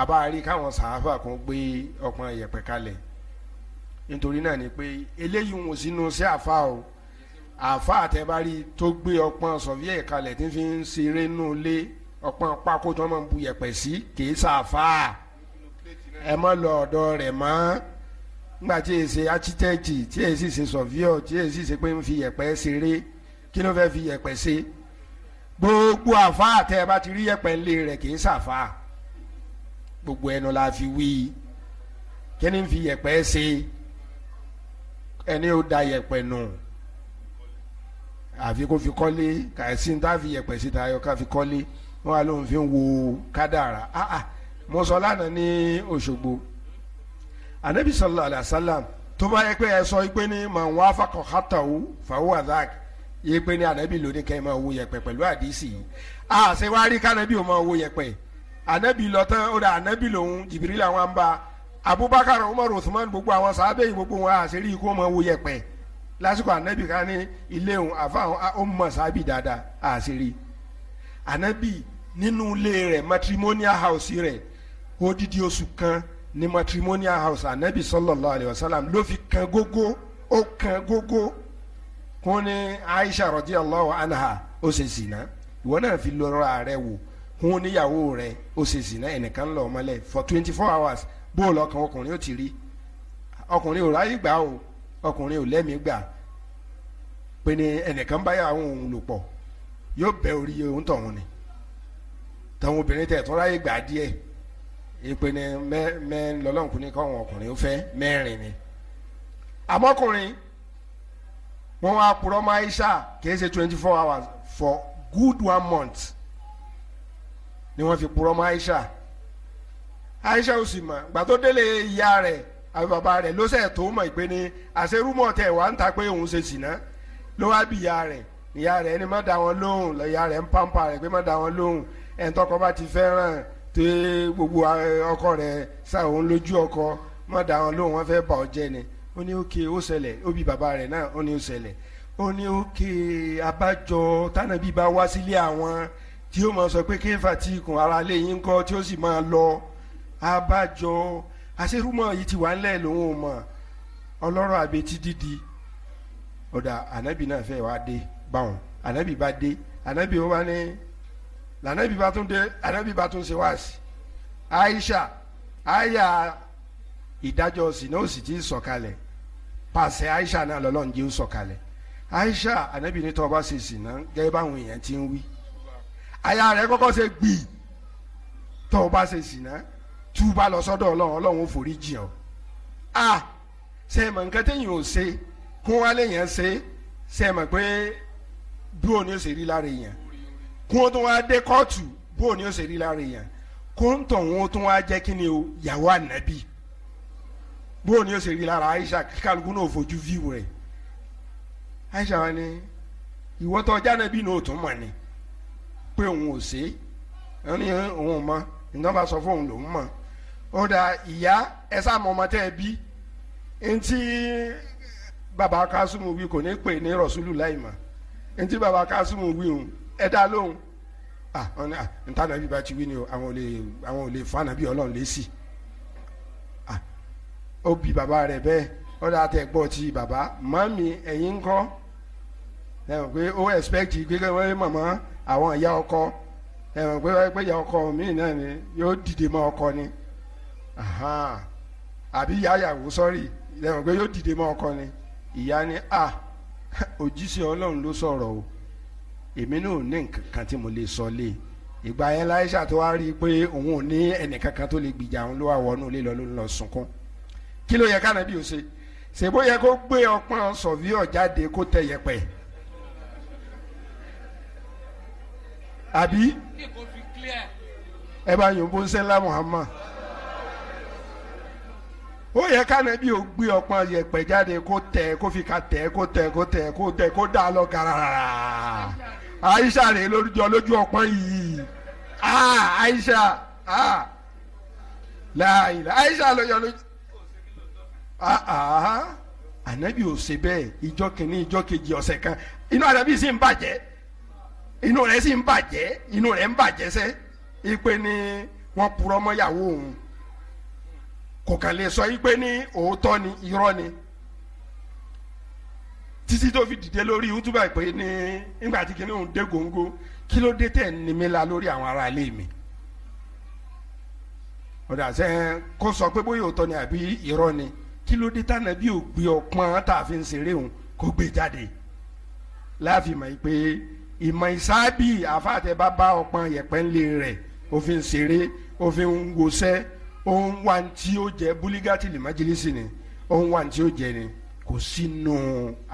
àbáàrí káwọn sàáfà kan gbé ọpọ́n yẹ̀pẹ̀ kalẹ̀ nítorí náà ni pé eléyìí wọn sínú sí àfa o àfa àtẹ̀bárí tó gbé ọpọ́n sọ̀fíẹ̀ kalẹ̀ tí fi ń ṣeré nù lé ọpọ́n pákó tí wọ́n máa ń bu yẹ̀pẹ̀ sí kìí sàáfà ẹ mọ́ lọ ọ̀dọ̀ rẹ̀ mọ́ nígbà tí èyí ṣe áchítẹ́ẹ̀tì tí èyí sì ṣe sọ̀fíọ̀ tí èyí sì ṣe pé ń fi yẹ̀pẹ̀ ṣeré kí ló fẹ́ fi yẹ̀pẹ̀ ṣe gbogbo àfa àtẹ̀bá ti rí yẹ̀pẹ̀ ńlé rẹ̀ kìí sàáfà gbogbo ẹnu la fi wí kíni fi yẹ̀pẹ̀ ṣe ẹni ó da yẹ̀pẹ̀ nù àfi kó fi kọ́lé kàìsí ní tá fi yẹ̀pẹ̀ síta ayọ̀ ká fi kọ́lé wọn wà lóun fi ń wo kádàrà áà ah, ah, mo sọ lánàá ní Òṣogbo anabi sallallahu alayhi sallam tó bá yẹ pé ẹ sọ pé ní mà ń wá fakọ̀ hátàwó fàwọ́ àdáàkì yẹ pé ní anabi lóní kẹ́ ẹ máa wo yẹ̀pẹ̀ pẹ̀lú àdìsí yìí àṣewárí kánabi ò máa wo yẹ̀pẹ̀ anabi lọtán ó dà anabi lòun jibirila wọn bá abubakar umar usman gbogbo àwọn sábẹ́ gbogbo wọn àṣírí kó mọ wo yẹpẹ lásìkò anabi kan ní ilé òun àfahàn ó mọ sábì dáadáa àṣírí anabi nínú ilé rẹ̀ matrimonial house rẹ̀ odidi oṣù kan ní matrimonial house anabi sallallahu alayhi wa sallam ló fi kan gógó ó kan gógó kún ní aisha radiyallahu anha ó ṣe sìnà ìwọ náà fi lọ́ra rẹ̀ wò hun níyàwó rẹ̀ ó ṣe zina ẹnìkan lọ ọmọlẹ̀ for twenty four hours bóòlù ọkàn ọkùnrin ó ti rí ọkùnrin ò ráyè gbà o ọkùnrin ò lẹ́mìí gbà pé ni ẹnìkan bá yàwó òun lò pọ̀ yóò bẹ orí òun tọ̀hún ni tàwọn obìnrin tẹ̀ tó ráyè gbà díẹ̀ ìpinnu mẹ́ mẹ́ lọ́lọ́kùnrin kọ́wọn ọkùnrin ó fẹ́ mẹ́rin ni àmọ́kùnrin wọ́n wá purọ́ mọ́ Aisha kì í ṣe twenty four hours for good one month ni wọ́n fi purọ́ mọ́ Aisha Aisha ò sì mọ̀ gbà tó délé ìyá rẹ̀ àbí bàbá rẹ̀ ló sẹ̀ tó mọ̀ pé ní àṣerúmọ̀ tẹ̀ wá ń ta pé òun ṣe sìná ló wá bí ìyá rẹ̀ ìyá rẹ̀ ni má da wọn lóhùn ìyá rẹ̀ ń pàmpà rẹ̀ pé má da wọn lóhùn ẹni tọkọ bá ti fẹ́ràn tí gbogbo ọkọ rẹ̀ sá òun lójú ọkọ má da wọn lóhùn wọn fẹ́ bà ọ jẹ́ ni ó ní òkè ó ṣẹlẹ̀ ó bí bàbá rẹ̀ náà ó ní ó ṣẹlẹ̀ ó ní òkè abájọ tánàbí bá wá sílé àwọn tí ó máa sọ pé kéfà tí ikùn ara lé yín kọ́ tí ó sì máa lọ abájọ àṣerúmọ̀ yìí ti wà ńlẹ̀ lòun ò mọ̀ ọlọ́rọ̀ àbètí dídi ọ̀dà ànábì náà fẹ́ wá dé báwọn ànábì bá dé ànábì ó bá ní lànábì bá tún dé ànábì bá tún ṣe wá sí Aisha aya ìdájọ́ sí náà ó sì ti sọ̀kalẹ̀ pàṣẹ Aisha náà lọ́lọ́run jẹ́ ó sọ̀kalẹ̀ Aisha ànábì ní tọ́ ọba ṣe sì náà gẹ́gẹ́ báwọn èèyàn ti ń wí àyà rẹ̀ kọ́kọ́ ṣe gbì tó o bá ṣe ṣìnà tú bá lọ sọ́dọ̀ ọlọ́run ọlọ́run ó forí jì ọ́ a ṣe mọ̀ nǹkan téèyàn ò ṣe kún wálé yẹn ṣe ṣe mọ̀ pé bí òní ó ṣe rí lára èèyàn kún ó tún wá dé kóòtù bí òní ó ṣe rí lára èèyàn kún tọ̀hún ó tún wá jẹ́ kí ni o yàwó ànábì bí òní ó ṣe rí lára Aisha kálukú náà fojú fíwò rẹ̀ Aisha wa ni ìwọ́tọ̀ jáde bí náà ó tún mọ̀ ni pé òun ò sí ẹ ní òun ò mọ nígbà bá sọ fún òun lòún mọ ó dà ìyá ẹ sáà mọ ọmọ tẹ ẹ bí ntí baba kásùmù wí kò ní pè ní rọ̀ṣúlù láì mọ̀ ntí baba kásùmù wí òun ẹ dá lóhùn ah ọ̀nà ah ntànà bí ba ti wí ni o àwọn ò lè àwọn ò lè fa nàbí ọlọ́run lè sí ah ó bi baba rẹ̀ bẹ́ẹ̀ ó dà tẹ̀ gbọ́ ti baba mami ẹ̀yin ńkọ́ ẹ̀ pé ó expect gbégbé wọ́n mọ̀mọ́ àwọn ìyá ọkọ ẹ̀wọ̀n pé wáyé pé ìyá ọkọ míì náà ni yóò dìde mọ́ ọkọ ni àbí ìyá ìyàwó sọ́rí ẹ̀wọ̀n pé yóò dìde mọ́ ọkọ ni ìyá ni a òjíṣẹ́ ọlọ́run ló sọ̀rọ̀ o èmi náà ò ní nǹkan kan tí mo lè sọ lé ìgbà yẹn láìsà tó wá rí i pé òun ò ní ẹnìkankan tó lè gbìjà òun ló wà wọnú ilé lọ ló ń lọ sunkún kí ló yẹ kánábì ó ṣe ṣèbó yẹ kó gbé ọpọ́n sọ̀víọ̀ jáde kó tẹ yẹpẹ̀ àbí ẹ bá yòǹbó sẹ́lá Muhammad ó yẹ kánẹ́bí ò gbé ọpọ́n yẹ̀pẹ̀ jáde kó tẹ̀ kó fi ka tẹ̀ kó tẹ̀ kó tẹ̀ kó tẹ̀ kó dà lọ gàràrà Aisha rè lójújọ lójú ọpọ́n yìí ah Aisha ah láàyè Aisha lójújọ lójú ah ah anabi ò ṣe bẹ́ẹ̀ ìjọ kìíní ìjọ kejì ọ̀sẹ̀ kan inú anabi sì ń bàjẹ́ inú rẹ̀ sì ń bàjẹ́ inú rẹ̀ ń bàjẹ́ sẹ́ ipe ni wọ́n purọ́ mọ́yàwó òun kò kàn lè sọ ipe ni òótọ́ ni irọ́ ni títí tó fi dìde lórí yútúbà pé ní nígbà tí kìnìún dé góńgó kí ló dé tẹ̀ ní mi la lórí àwọn ará ilé mi ọ̀dà sẹ́ kó sọ pé bóyá òótọ́ ni àbí irọ́ ni kí ló dé tànà bí ògbé ọpọ́n tá a fi ń ṣeré òun kó gbé jáde láàfin mọ̀ pé ìmọ̀ ìsáábì àfàtẹ́bá bá ọpọn yẹ̀pẹ́ ńlẹ̀ rẹ̀ òfin ṣeré òfin ń wòṣẹ́ òun wà tí ó jẹ́ búlígàtì lìmájílísì ni òun wà tí ó jẹ́ ni kò sínú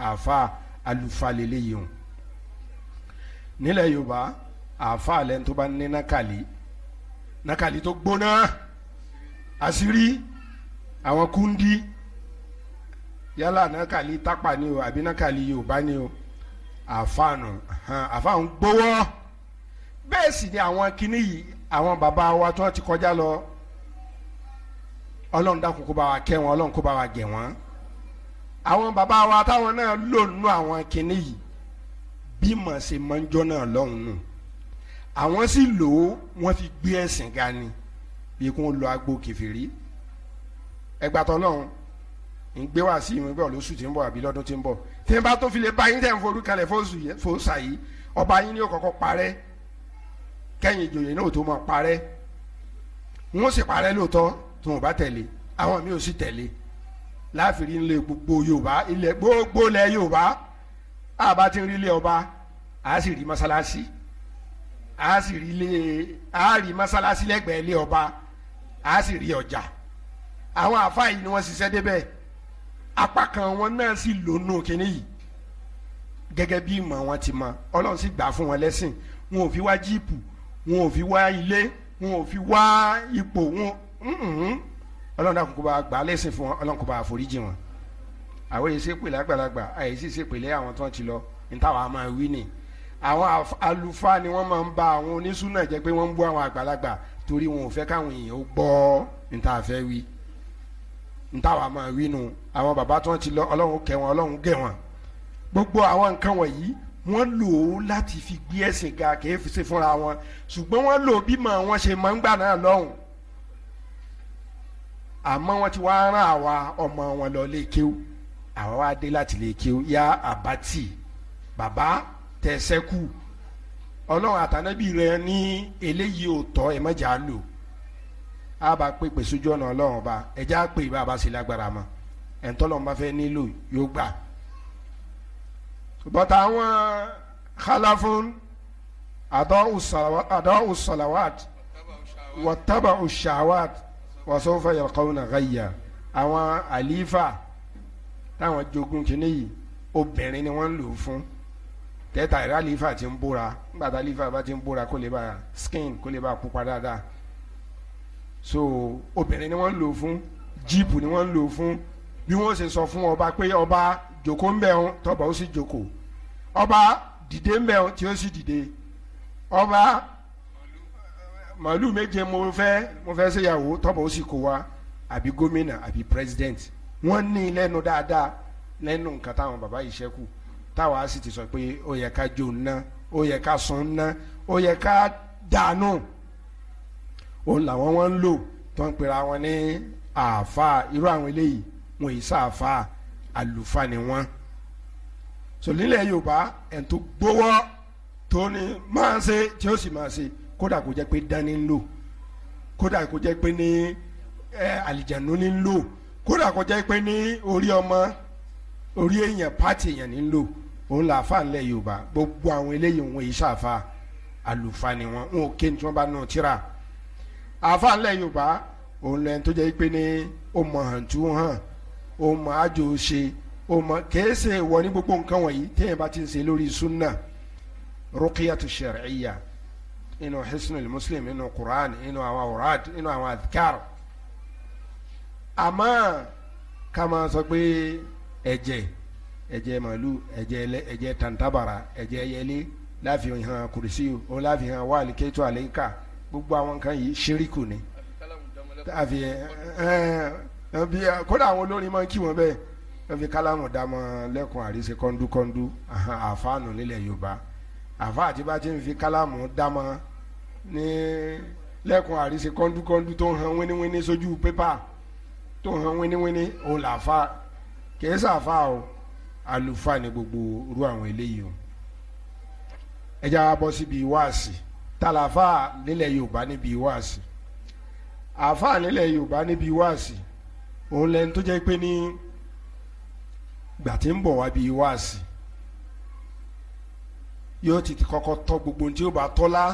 àfa alùfàlélẹ́ yìí hàn nílẹ̀ yorùbá àfa lẹ́nu tó bá ní nákàlí nákàlí tó gbóná àṣírí àwọn kúndí yálà nákàlí tápà ni o àbí nákàlí yorùbá ni o àfàànù àfàànù gbowó bẹ́ẹ̀ sì ni àwọn kinní yìí àwọn bàbá wa tó ti kọjá lọ ọlọ́run dákun kó bá wa kẹ́ wọn ọlọ́run kó bá wa gẹ̀ wọ́n àwọn bàbá wa táwọn náà lò nù àwọn kinní yìí bí mọ̀ ṣe máa ń jọ́ náà lọ́hùn nù àwọn sì lò ó wọ́n fi gbé ẹ̀sìn ga bí kò ń lo agbo kẹfìrí ẹgbàá tọ́lọ́run ń gbé wá sí ìwé bẹ́ẹ̀ lóṣù tí ń bọ̀ àbí lọ́dún tí ń bọ̀ tí n bá tó fi lè bá yín tẹ̀ ń forúkalẹ̀ fòsà yìí ọba yín ni ó kọ́kọ́ parẹ́ kẹ́yìn ìjòyè náà tó máa parẹ́ wọ́n sì parẹ́ lóòótọ́ tó wọn bá tẹ̀lé àwọn mi ò sì tẹ̀lé láàfin ilé gbogbo Yorùbá ilẹ̀ gbogbo ilẹ̀ Yorùbá àbá ti ń rí ilé ọba a sì rí mọ́sálásí a sì rí ilé a rí mọ́sálásí lẹ́gbẹ̀ẹ́ ilé ọba a sì rí ọjà àwọn àfáà yìí ni wọ́n ṣiṣẹ́ débẹ̀ apá kan wọn náà sì lónú kínní yìí gẹ́gẹ́ bí ìmọ̀ wọn ti mọ ọlọ́run sì gbà fún wọn lẹ́sìn wọn ò fi wá jíìpù wọn ò fi wá ilé wọn ò fi wá ipò wọn ọlọ́run dàkún kó bá gbà á lẹ́sìn fún wọn ọlọ́run kó bá àforíjì wọn àwọn èyí ṣèpèlè àgbàlagbà àyèsí ṣèpèlè àwọn tó ń ti lọ ní máa wí ni àwọn àlùfáà ni wọ́n máa ń ba àwọn onísùnà jẹ́ pé wọ́n ń bú àwọn àgbàlagbà torí wọn ò fẹ́ káwọn èèyàn gbọ́ ní tá wí ntàwa máa wí nu àwọn bàbá tí wọ́n ti lọ ọlọ́run kẹ́ wọn ọlọ́run gẹ̀ wọn gbogbo àwọn nǹkan wọ̀nyí wọ́n lò ó láti fi gbé ẹ̀sìn ga kìí fi ṣe fúnra wọn ṣùgbọ́n wọ́n lò bímọ wọn ṣe máa ń gbà náà lọ́hùn àmọ́ wọ́n ti wá rán àwa ọmọ wọn lọ lé àwa wá dé láti lè yá àbátì bàbá tẹ̀sẹ́kù ọlọ́run àtànábì rẹ ní eléyìí ò tọ́ ẹ̀ mọ́jà lò a bá pèpè sójú ọ̀nà ọlọ́run ọba ẹ̀já pè bá a bá sì lágbára mọ́ ẹ̀ńtọ́lọ́run bá fẹ́ nílò yóò gbà. bọ́tà àwọn khalafun àdọ́ usalawat wọ́tábà ushawat wàsófà yalqawna ghayya àwọn àlífà táwọn jogun kìíní yìí obìnrin ni wọ́n ń lò fún tẹ́tà ìrálífà ti ń bóra nígbà tá àlífà bá ti ń bóra kó lè bá skin kó lè bá pupa dáadáa so obìnrin ni wọ́n lò fún jíìpù ni wọ́n lò fún bí wọ́n ṣe sọ fún ọba pé ọba jòkó ń bẹ̀ ọ́n tọba ó sì jòkó ọba dìde ń bẹ̀ ọ́n tí ó sì dìde ọba màálù méje mo fẹ́ mo fẹ́ ṣèyàwó tọba ó sì kó wa àbí gómìnà àbí president wọ́n ní lẹ́nu dáadáa lẹ́nu nǹkan táwọn bàbá yìí ṣẹ́kù táwa sì ti sọ pé ó yẹ ká jó ná ó yẹ ká sun ná ó yẹ ká dànù. No òun làwọn wọn ń lò tó ń pera wọn ní àáfàá irú àwọn eléyìí wọn yìí sáàfàá àlùfáà ni wọn. sòlílẹ̀ yorùbá ẹ̀ǹ tó gbowó tó ní máa ṣe tí ó sì máa ṣe kódà kó jẹ́ pé dání ń lò kódà kó jẹ́ pé ní àlìjànú ní ń lò kódà kó jẹ́ pé ní orí ọmọ orí èèyàn pàtì èèyàn ní ń lò òun làáfàá ńlẹ̀ yorùbá gbogbo àwọn eléyìí wọn yìí sáàfàá àlùfáà ni wọn wọn ò ké ní tí wọn bá nù tíra. No àáfàá ńlẹ̀ yorùbá òun lẹ́yìn tó jẹ́ pé ní ó mọ̀ àǹtú hàn ó mọ̀ àjò ṣe ó mọ̀ kèése wọ ní gbogbo nǹkan wọ̀nyí téèyàn bá ti ń ṣe lórí sunna rukiyatu shar'iyya inú hisnul muslim inú quran inú àwọn awurad inú àwọn adhkar àmọ́ ká máa sọ pé ẹ̀jẹ̀ ẹ̀jẹ̀ màálù ẹ̀jẹ̀ ẹlẹ ẹ̀jẹ̀ tantabara ẹ̀jẹ̀ ẹyẹlé láfi hàn kùrìsì òun wàlíkẹ́tù àlẹ́ká gbogbo àwọn nǹkan yìí ṣíríkù ni àfi eh, eh, bí eh, kódà àwọn olórin máa ń kí wọn bẹ́ẹ̀ wọ́n fi kálámù dámọ́ lẹ́kùn àríṣe kọ́ńdúkọ́ńdú àfáànù nílẹ̀ yorùbá àfáà tí bá ti ń fi kálámù dámọ́ ní lẹ́kùn àríṣe kọ́ńdúkọ́ńdú tó ń han wíníwíní sójú pépà tó ń han wíníwíní òun làáfà kìí sàáfà o àlùfáà ní gbogbo irú àwọn eléyìí o ẹ já bọ́ síbi wáàsì tàlàfà nílẹ̀ yorùbá níbi wáàsí àfà nílẹ̀ yorùbá níbi wáàsí òun lẹni tó jẹ́ pé ní gbà tí ń bọ̀ wá bí wáàsí yóò ti kọ́kọ́ tọ́ gbogbo ohun tí ó bá tọ́lá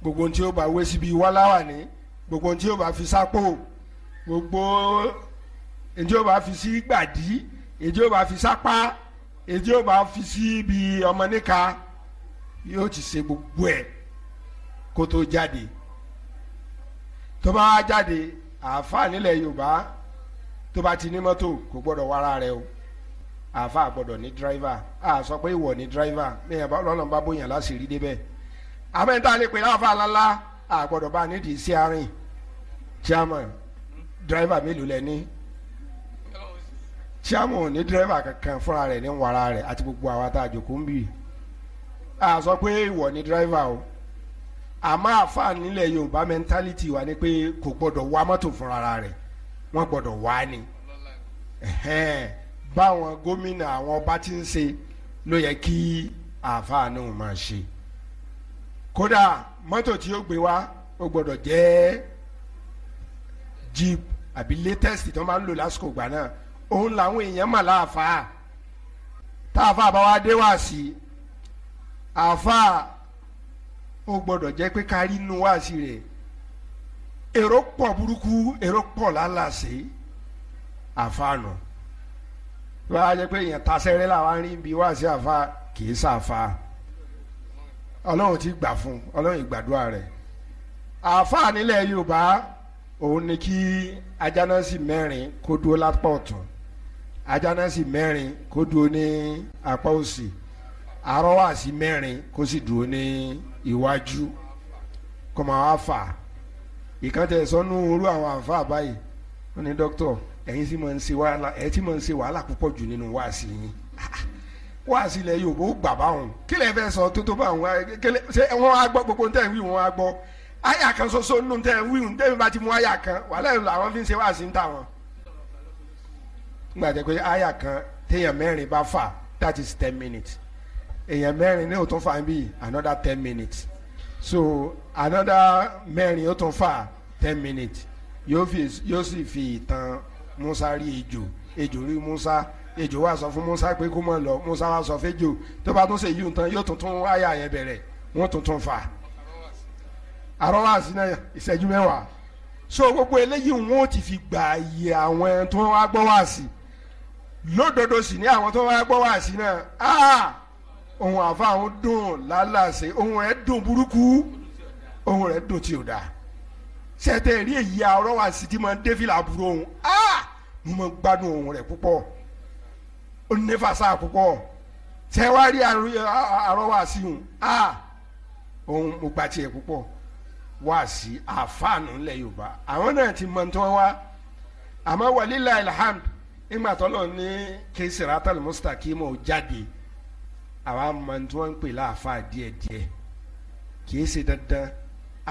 gbogbo ohun tí ó bá wé síbi wáláwà ní gbogbo tí ó bá fi sápò gbogbo tí ó bá fi sí gbàdí tí ó bá fi sápá tí ó bá fi sí ibi ọmọ níka yóò ti ṣe gbogbo ẹ̀ kó tó jáde tó bá wá jáde àáfàá nílẹ̀ Yorùbá tó bá ti ní mọ́tò kò gbọ́dọ̀ wára rẹ̀ o àáfàá gbọ́dọ̀ ní dírẹ́fà a sọ pé ìwọ ní dírẹ́fà bẹ́ẹ̀ bá lọ́nà bá bóyá láṣìírí débẹ̀ àmẹ́ta lè pè láàfàá lálá a gbọ́dọ̀ bá nídìí sí arìn chairman dírẹ́fà mélòó lẹ ní chairman ò ní dírẹ́fà kankan fúnra rẹ̀ ní wàrà rẹ̀ àti gbogbo àwa tá a jòkó ń bì a sọ pé ìwọ ní dírẹ́fà o àmọ́ àfa nílẹ̀ yorùbá mẹ́ńtálítì wa ni pé kò gbọ́dọ̀ wá mọ́tò fúnra rẹ̀ wọ́n gbọ́dọ̀ wá ni báwọn gómìnà àwọn ọba ti ń ṣe ló yẹ kí àfa náà máa ṣe kódà mọ́tò tí ó gbé wá ó gbọ́dọ̀ jẹ́ jeep àbí latest tó máa ń lò lásìkò ìgbà náà òun làwọn èèyàn mà láàfáà táàfáà bá wá dé wá sí àfáà ó gbọ́dọ̀ jẹ́ pé kárí inú wáàsí rẹ̀ èrò pọ̀ burúkú èrò pọ̀ lálàsè àfàànù wọ́n á jẹ́ pé èèyàn tasẹ́rẹ́ làwọn arìn bí wáàsí àfa kì í sàfa ọlọ́run ti gbà fún ọlọ́run ìgbàdúrà rẹ̀ àfa nílẹ̀ yorùbá òun ni kí ajánásì mẹ́rin kó dúró lápá ọ̀tún ajánásì mẹ́rin kó dúró ní apá òsì àárọ̀ wáàsí mẹ́rin kó sì dúró ní iwájú kọ́ máa wá fà á ìkàtẹ̀ sọ́nù orú àwọn àǹfà báyìí wọ́n ní dókítọ̀ ẹ̀yin tí mo ń ṣe wàhálà ẹ̀ tí mo ń ṣe wàhálà púpọ̀ jù nínú wáàsí yín wáàsí ilẹ̀ Yorùbá ó gbà báwọn kí lè fẹ́ sọ tó tó báwọn ṣé wọ́n á gbọ́ gbogbo tẹ̀ ń wí wọ́n á gbọ́ àyà kan ṣoṣo nínú tẹ̀ ń wí tẹ̀mí bá ti mú àyà kan wàhálà ìlú àwọn fi ń ṣe wáàsí ń tà wọ́n. nígbà tẹ́ pé àyà kan téèyàn mẹ́rin bá fà that is ten minutes èèyàn mẹ́rin ní òtún fà bí another ten minutes so another mẹ́rin ó tún fà ten minutes yóò fi yóò sì fi ìtàn Musa rí ejò ejò rí Musa ejò wá sọ fún Musa pé kó mọ̀ lọ Musa wá sọ fẹ́jọ tó bá tún ṣe yí nǹkan yóò tuntun wáyà yẹn bẹ̀rẹ̀ wọ́n tuntun fà àrọ́wá sí náà ìṣẹ́jú mẹ́wàá so gbogbo eléyìí wọn ò ti fi gbà yẹ àwọn tó wá gbọ́ wá sí lódodo sì ní àwọn tó wá gbọ́ wá sí náà ah! ohun àfa àwọn dùn lálàsè ohun rẹ̀ dùn burúkú ohun rẹ̀ dùn tí ò dáa sẹ́tẹ̀ rí èyí àárọ̀ wá sí ti máa ń défìlà àbúrò òun ah! mo máa ń gbádùn ohun rẹ̀ púpọ̀ ó ní fàṣà púpọ̀ sẹ́ wá rí àárọ̀ wá sí òun ohun mo gba tiẹ̀ púpọ̀ wá sí àfààní ńlẹ̀ Yorùbá àwọn náà ti mọ̀ tí wọ́n wá àmọ́ wàlílà ilhamd ìgbà tó lọ ní kí siratal mustaqim ó jáde àwa mọ̀ tí wọ́n ń pè láàfáà díẹ̀díẹ̀ kìí ṣe dandan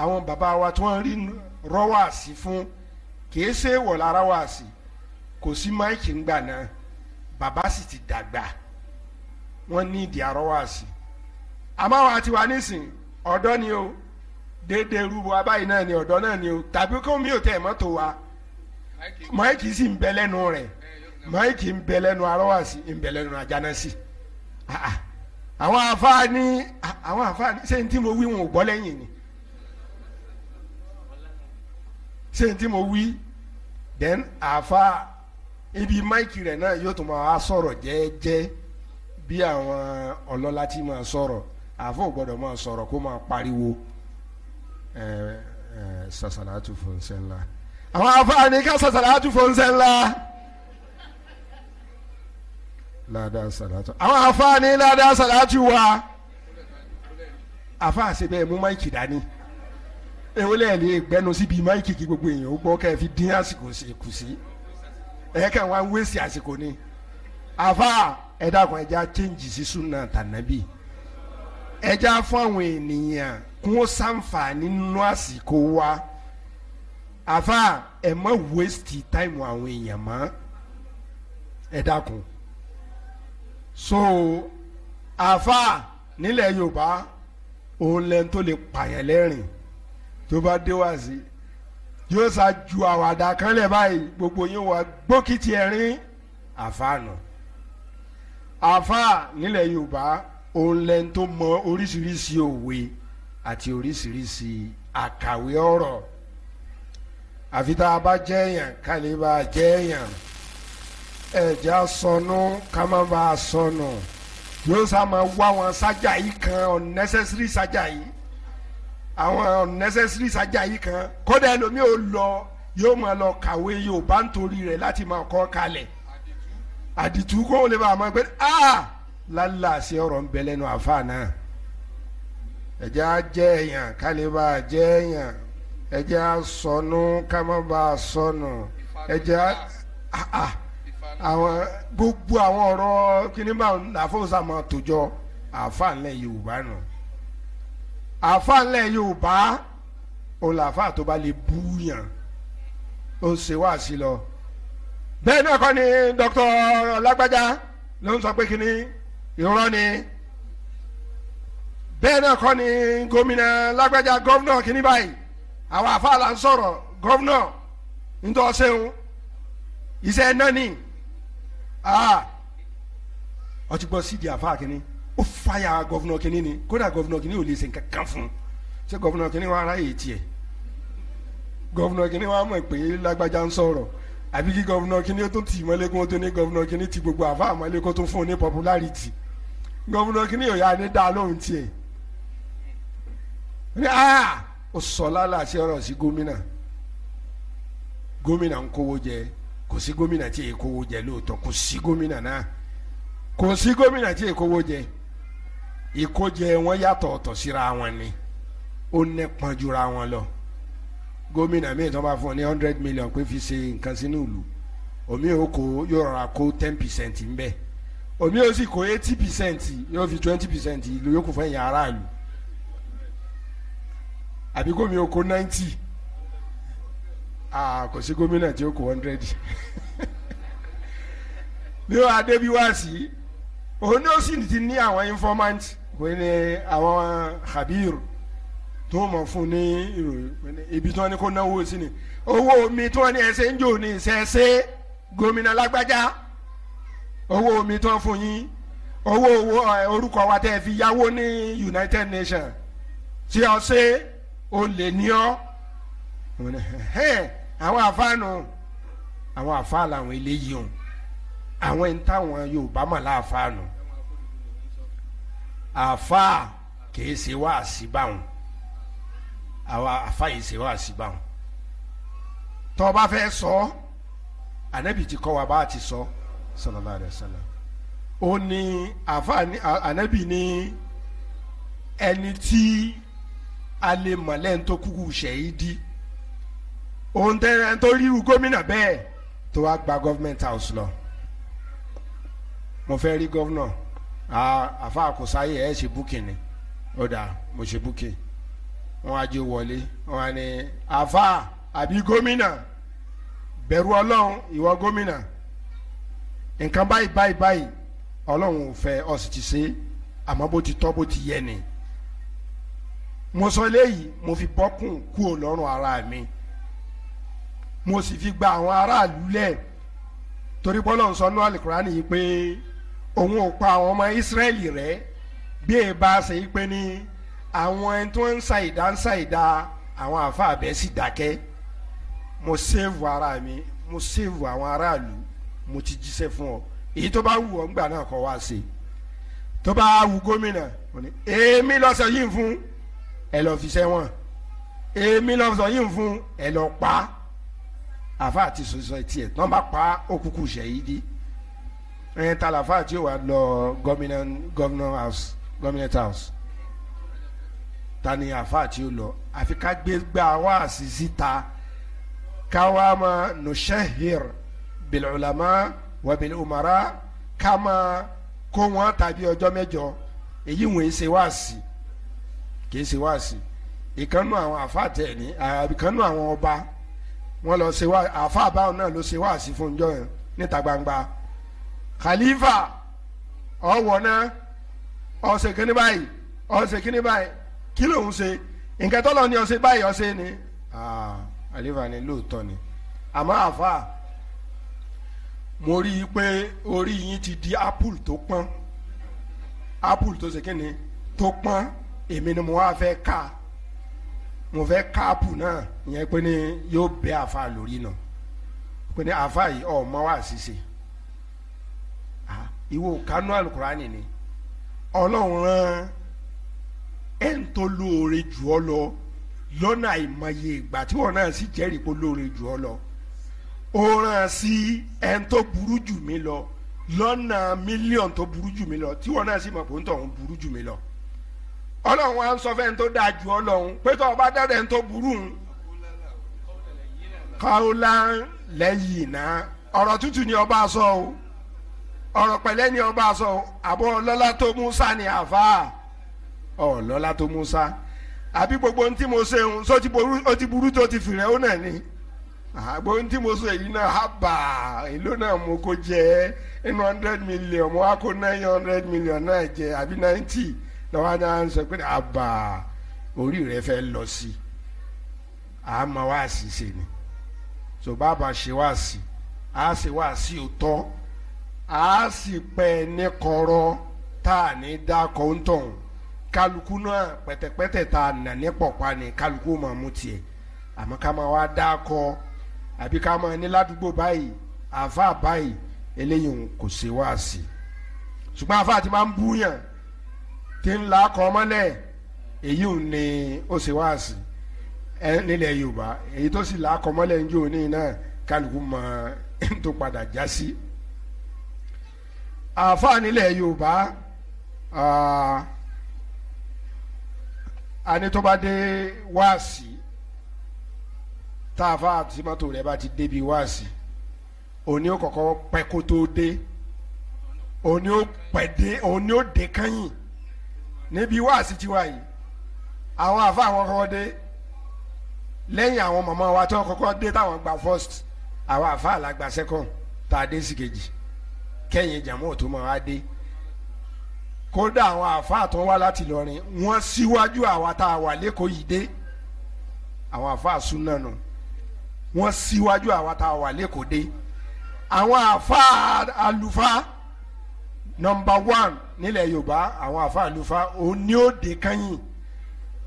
àwọn bàbá wa tí wọ́n rí rọ́wàsí fún kìí ṣe wọ̀ lára wàsí kò sí máìkì ńgbà náà bàbá sì ti dàgbà wọ́n ní ìdí àrọ́wàsí àmọ́ àwọn àti wa nísìn ọ̀dọ́ ni o déédéé rúbọ abáyé náà ni ọ̀dọ́ náà ni o tàbí kó mi ò tẹ̀ mọ́tò wa máìkì sì ń bẹ lẹ́nu rẹ̀ máìkì ń bẹ lẹ́nu àrọ́wàsí ń bẹ lẹ́nu àjánásì ah ah àwọn àfáà ní àwọn àfáà ní ṣé n tí mo wí wọn ò gbọ́ lẹ́yìn ni ṣé n tí mo wí then àfáà ibi máìkì rẹ̀ náà yóò tún máa sọ̀rọ̀ jẹ́ẹ́jẹ́ bí àwọn ọlọ́lá ti máa sọ̀rọ̀ àfọ̀ gbọ́dọ̀ máa sọ̀rọ̀ kó máa pariwo ẹ̀ ẹ̀ sàṣàlátù fòǹsẹ̀ ńlá àwọn àfáà ní ká sàṣàlátù fòǹsẹ̀ ńlá ládàá salatu. àwọn àfáà ní ládàá salatu wa àfáà ṣe bẹ́ẹ̀ mú máìkì dání èwo lẹ́yìn lè gbẹnu síbi máìkì kí gbogbo èèyàn ó gbọ́ kẹ́ ẹ fi dín àsìkò kù sí ẹ kàn wá ń wéṣì àsìkò ni àfáà ẹ dákun ẹ já chẹ́ǹjì sí súnà tànàbì ẹ àwọn ènìyàn kún ó nínú àsìkò wa àfáà ẹ má wéṣì táìmù àwọn èèyàn mọ́ ẹ dákun so àáfàá nílẹ̀ yorùbá òun lẹ́nu tó lè pààyàn lẹ́rìn tó bá dé wá sí yóò sá ju àwàdà kan lẹ̀ báyìí gbogbo yóò wá gbókìtì ẹ̀rín àáfàá nà àáfàá nílẹ̀ yorùbá òun lẹ́nu tó mọ oríṣiríṣi òwe àti oríṣiríṣi àkàwé ọ̀rọ̀ àfi tá a bá jẹ́ èèyàn ká bá a jẹ́ èèyàn ẹ̀já sọnù ká má bàa sọnù yóò sá máa wá wọn sájà yìí kan unnecessary sájà yìí àwọn unnecessary sájà yìí kan kódà ẹlòmíì ò lọ yóò máa lọ kàwé Yorùbá nítorí rẹ̀ láti máa kọ́ kalẹ̀ àdìtú kó lè bá a máa gbé a ah, lálẹ́ àṣẹ ọ̀rọ̀ ń bẹ lẹ́nu àfa náà ẹ̀já jẹ́ èèyàn ká bá a jẹ́ èèyàn ẹ̀já sọnù ká sọnù ẹ̀já ah, ah àwọn gbogbo àwọn ọ̀rọ̀ kìnnìbà àfọwọ́sàmọ́ tòjọ àáfà ńlẹ̀ yorùbá nù àáfà ńlẹ̀ yorùbá òun làáfà tó bá lè búyàn ó ń ṣe wáàsí lọ bẹ́ẹ̀ náà kọ́ ni dr lágbájá ló ń sọ pé kínní irọ́ ni bẹ́ẹ̀ náà kọ́ ni gómìnà lágbájá gọ́vnà kínní báyìí àwọn àáfà là ń sọ̀rọ̀ gọ́vnà ń tọ́ ṣeun iṣẹ́ náà ni ọtí ah! gbọ́ sídìí àfa kínní ó fàyà gọ́vùnà kínní ni kódà gọ́vùnà kínní ò lè ṣe nǹkan kan fún un ṣé gọ́vùnà kínní wa ara yìí tiẹ̀ gọ́vùnà kínní wa mọ̀ pé lágbájá ń sọ̀rọ̀ àbí kí gọ́vùnà kínní ó tún tì tó ní gọ́vùnà kínní ti gbogbo àfa àmọ́lé kó fún un ní popularity gọ́vùnà kínní ò yá ni dá lóhùn tiẹ̀ ní a ah! ó sọ lálàá sí ọ̀rọ̀ sí gómìnà gómìnà ń kówó jẹ kò sí gómìnà tí èyí kówó jẹ lóòótọ́ kò sí gómìnà náà kò sí gómìnà tí èyí kówó jẹ ìkójẹ wọn yàtọ̀ ọ̀tọ̀ síra wọn ni ó nẹ́pọn jura wọn lọ gómìnà míì tó bá fún ọ ní hundred million pé fi ṣe nǹkan sínú ìlú omi ò kó yóò rọra kó ten percent ń omi yóò sì kó eighty percent yóò fi twenty percent ìlú yòókù fún ẹ̀yìn aráàlú àbí kò mi kó ninety kò sí gómìnà tí ó kó hundred bí ó adébí wá sí òun ni ó sì ti ní àwọn informant bóyá ni àwọn habir tó mọ̀ fún ní ìròyìn ibi tí wọ́n ní kó náwó sí ni owó omi tí wọ́n ní ẹsẹ̀ ń jò ní ìṣẹ́ṣe gómìnà lágbájá owó omi tí wọ́n fún yín owó orúkọ wa tẹ́ fi yáwó ní United Nations tí ọ ṣe olè ní ọ àwọn àfáànù àwọn àfáà làwọn eléyìí o àwọn ẹni táwọn Yorùbá mọ̀ láàfáànù àfáà kìí ṣe wá àṣìbáwọn àwọn àfáà yìí ṣe wá àṣìbáwọn tó bá fẹ́ sọ ànábì ti kọ́ wa bá a ti sọ sallallahu alaihi wasallam ó ní àfáà ànábì ní ẹni tí a lè mọ̀ lẹ́yìn tó kúkú ṣẹ̀yí dí òun tẹ́lẹ̀ tó rí irú gómìnà bẹ́ẹ̀ tó wá gba government house lọ mo fẹ́ rí gómìnà àfa àkùsáyè ẹ̀ ṣe booking ni ó dáa mo ṣe booking wọ́n á jẹ́ wọlé wọ́n á ní àfa àbí gómìnà bẹ̀rù ọlọ́run ìwọ gómìnà nǹkan báyìí báyìí báyìí ọlọ́run ò fẹ́ ọ sì ti ṣe àmọ́ bó ti tọ́ bó ti yẹ ni mo sọ léyìí mo fi bọ́kùn kú ò ara mi mo sì fi gba àwọn aráàlú lẹ̀ torí bọ́lá ń sọ ní alukurani yìí pé òun ò pa àwọn ọmọ Ísírẹ́lì rẹ́ bí ẹ bá ṣe yí pé ní àwọn ẹni tó ń sa ìdá ń sa ìdá àwọn àfa àbẹ́ sì dákẹ́ mo ṣèwù ara mi mo ṣèwù àwọn aráàlú mo ti jíṣẹ́ fún ọ èyí tó bá wù ọ́ ńgbà náà kọ́ wá ṣe tó bá wù gómìnà èmi lọ́sọ̀ yìí fún ẹ lọ́ọ́ fi ṣẹ́wọ̀n èmi lọ́sọ̀ yìí fún ẹ lọ́ọ́ pa á àfa àti sọsọ tiẹ̀ tí wọ́n bá pa òkùnkù ṣẹ̀yìdì ẹ̀yẹn ta làfa àti òwà lọ gọ́mìnà house gọ́mìnà house ta ni àfa àti ó lọ àfi ká gbé gbà wá àṣìṣì ta ká wá máa nùṣẹ́hìr bìlùlámà wàbìlùmàrà ká máa kó wọn tàbí ọjọ́ mẹ́jọ èyí wọ́n ṣe wá sí kì í ṣe wá sí ìkànnù àwọn àfa àtẹ̀ ní àbíkànnù àwọn ọba wọ́n lọ ṣe wá àáfàá báwọn náà ló ṣe wá sí fún ọjọ́ yẹn níta gbangba khalifa ọ̀wọ̀ náà ọ̀sẹ̀ kíní báyìí ọ̀sẹ̀ kíní báyìí kí ló ń ṣe nǹkan tó lọ ní ọ̀sẹ̀ báyìí ọ̀sẹ̀ ni ah, khalifa ni lóòótọ́ ni àmọ́ àáfàá mo rí i pé orí yín ti di apple tó pọ́n apple tó ṣe kíni tó pọ́n èmi ni mo wá fẹ́ ká mo fẹ́ káàpù náà ìyẹn pé ní yóò bẹ àfa lórí náà pé ní àfa yìí ọ̀ mọ́ wá ṣiṣẹ́ ìwọ kánú alukurani ni ọlọ́run rán ẹ̀ ń tó lóore jù ọ lọ lọ́nà àìmọye ìgbà tí wọn náà sì jẹ́rìí pé lóore jù ọ lọ ó rán sí ẹ̀ ń tó burú jù mí lọ lọ́nà mílíọ̀n tó burú jù mí lọ tí wọn náà sì mọ̀ pé ń tọ̀hún burú jù mí lọ ọlọ́run wa ń sọ fẹ́ni tó dáa jù ọlọ́run pé tó ọba dáadáa ẹni tó burú ń kọ́ọ̀lá lẹ́yìn náà ọ̀rọ̀ tútù ni ọba sọ o ọ̀rọ̀ pẹ̀lẹ́ ni ọba sọ o àbọ̀ ọlọ́lá tó Musa ni àfa ọlọ́lá tó Musa àbí gbogbo ohun tí mo ṣe ń sọ ó ti burú tó ti fìrẹ́ ó náà àgbo ohun mo ṣe yìí náà hábà èló náà mo kó jẹ inú hundred million mo wá kó nine hundred million náà jẹ àbí ninety lọ́wọ́ á náà sọ pé àbà orí rẹ fẹ́ lọ sí i a máa wá àṣìṣe ni tó bá bá ṣe wá sí i a ṣe wá sí i tọ́ a sì pẹ́ ní kọ́rọ́ tá a ní dá kọ́ńtọ̀n kálukú náà pẹ̀tẹ̀pẹ̀tẹ̀ tá a nà ní pọ̀pá ni kálukú máa mú tiẹ̀ àmọ́ ká máa wá dá kọ́ àbí ká máa ní ládùúgbò báyìí àáfàá báyìí eléyìí kò ṣe wá sí i ṣùgbọ́n àáfàá ti máa ń búyàn tí ń la akọ mọ́lẹ̀ èyí ò ní ó ṣe wá sí ẹ nílẹ̀ Yorùbá èyí tó sì la akọ mọ́lẹ̀ ń jò ní náà kálukú mọ tó padà já sí. àáfàá nílẹ̀ Yorùbá ani tó bá dé wáàsí tá a fa àtìmọ́tò rẹ̀ bá ti débi wáàsí òní ó kọ́kọ́ pẹ́ kó tó dé òní ó pẹ́ dé òní ó dé kányìn níbi wáàsí tiwa yìí àwọn àfa àwọn kọ́kọ́ dé lẹ́yìn àwọn màmá wa tó kọ́kọ́ dé táwọn gba first àwọn àfa àlàgbà second tá a dé sí kejì kẹ́yìn jàmọ́ tó máa wá dé kódà àwọn àfa tó wá láti Ìlọrin wọ́n síwájú àwa tá a wà lẹ́kọ̀ọ́ yìí dé àwọn àfa súnà nù wọ́n síwájú àwa tá a wà lẹ́kọ̀ọ́ dé àwọn àfa àlùfáà nọmba one nílẹ̀ yorùbá àwọn àfàlùfà òní òde kányìn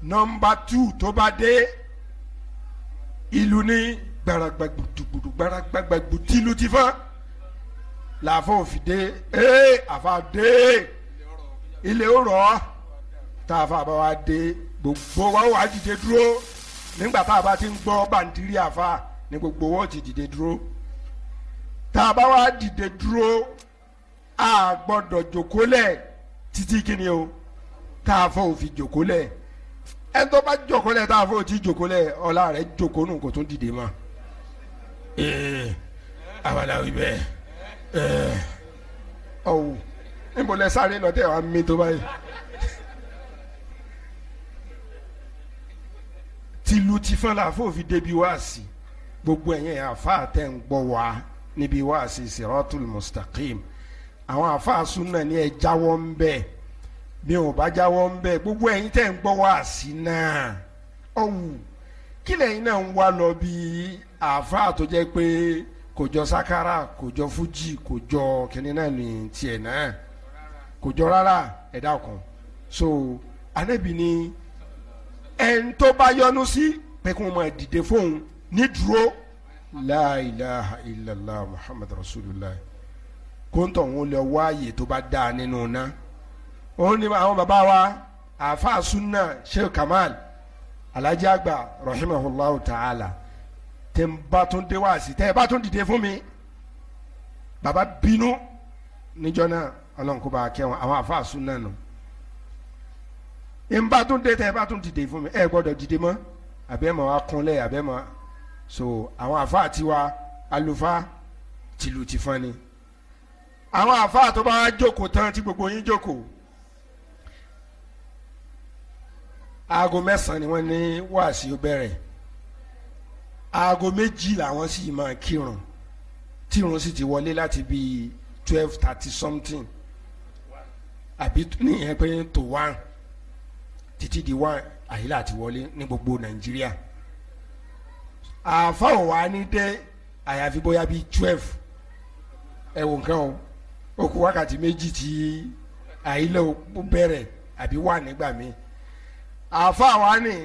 nọmba two tó bá dé ìlú ní gbàràgbàgbùdùgbùdù gbàràgbàgbùdù tìlù ti fán làáfọ̀ òfin dé ee àfa dé ilé ó rọ̀ ọ́ tá a fa àbá wa dé gbogbo wa wà á dìde dúró nígbà tá a bá ti ń gbọ́ bàǹtírí àfa ni gbogbo wọ́ọ̀ ti dìde dúró tá a bá wa dìde dúró a gbọ́dọ̀ jòkólẹ̀ títí titi ni o tá a fọ òfin jòkólẹ̀ ẹ tó bá jòkólẹ̀ tá a fọ òtí jòkólẹ̀ ọlá rẹ̀ jòkónù kò tún dìde mọ́. ee eh, abala wí bẹ́ẹ̀ ee eh. ọ̀wù níbo lẹ sáré lọ tẹ̀ wá mi tó báyìí. tìlù tìfọn la fòfin débi wá sí gbogbo ẹ̀yìn àfa àtẹ̀ ń gbọ́ wá níbi wá sí siratul mustaqim àwọn àáfàá súnà ni ẹ jáwọ́ ń bẹ̀ mi ò bá jáwọ́ ń bẹ̀ gbogbo ẹ̀yin tẹ̀ ń gbọ́ wá sí náà ọ̀wù kí lẹ́yìn náà ń wá lọ bí àáfàá tó jẹ́ pé kò jọ sakara kò jọ fújì kò jọ kìnìún náà ní tiẹ̀ náà kò jọ rárá ẹ̀dá kan so anabi ni ẹni tó bá yọnu sí pé kí wọ́n máa dìde fóun ní dúró la ilaha illallah muhammad rasulillah kóńtọ̀ ń lọ wá ààyè tó bá dáa nínú iná òun ni àwọn bàbá wa àáfàá sunna sheikh kamal alhaji àgbà rahimahullahu ta'ala tẹ n bá tún dé wá sí tẹ ẹ bá tún dìde fún mi bàbá bínú níjọ náà ọlọ́run kó bá a kẹwọn àwọn àáfàá sunna nù n bá tún dé tẹ ẹ bá tún dìde fún mi ẹ gbọ́dọ̀ dìde mọ́ àbẹ́mọ̀ akúnlẹ̀ àbẹ́mọ̀ so àwọn àáfàá tiwa alufa tìlù tìfọn ni àwọn àfáà tó bá jókòó tán tí gbogbo yín jókòó aago mẹ́sàn-án ni wọ́n ní wáàsí ó bẹ̀rẹ̀ aago méjì làwọn sì máa kírun tírun sì ti wọlé láti bíi twelve thirty something àbí nìyẹn pé tó one títí di one àyílà àti wọlé ní gbogbo nàìjíríà àáfà ò wá ní dé àyàfi bóyá bíi twelve ẹ wò nǹkan o ó wakati wákàtí méjì tí àìlẹ̀ ó bẹ̀rẹ̀ àbí wà nígbà míì àáfàá wa ní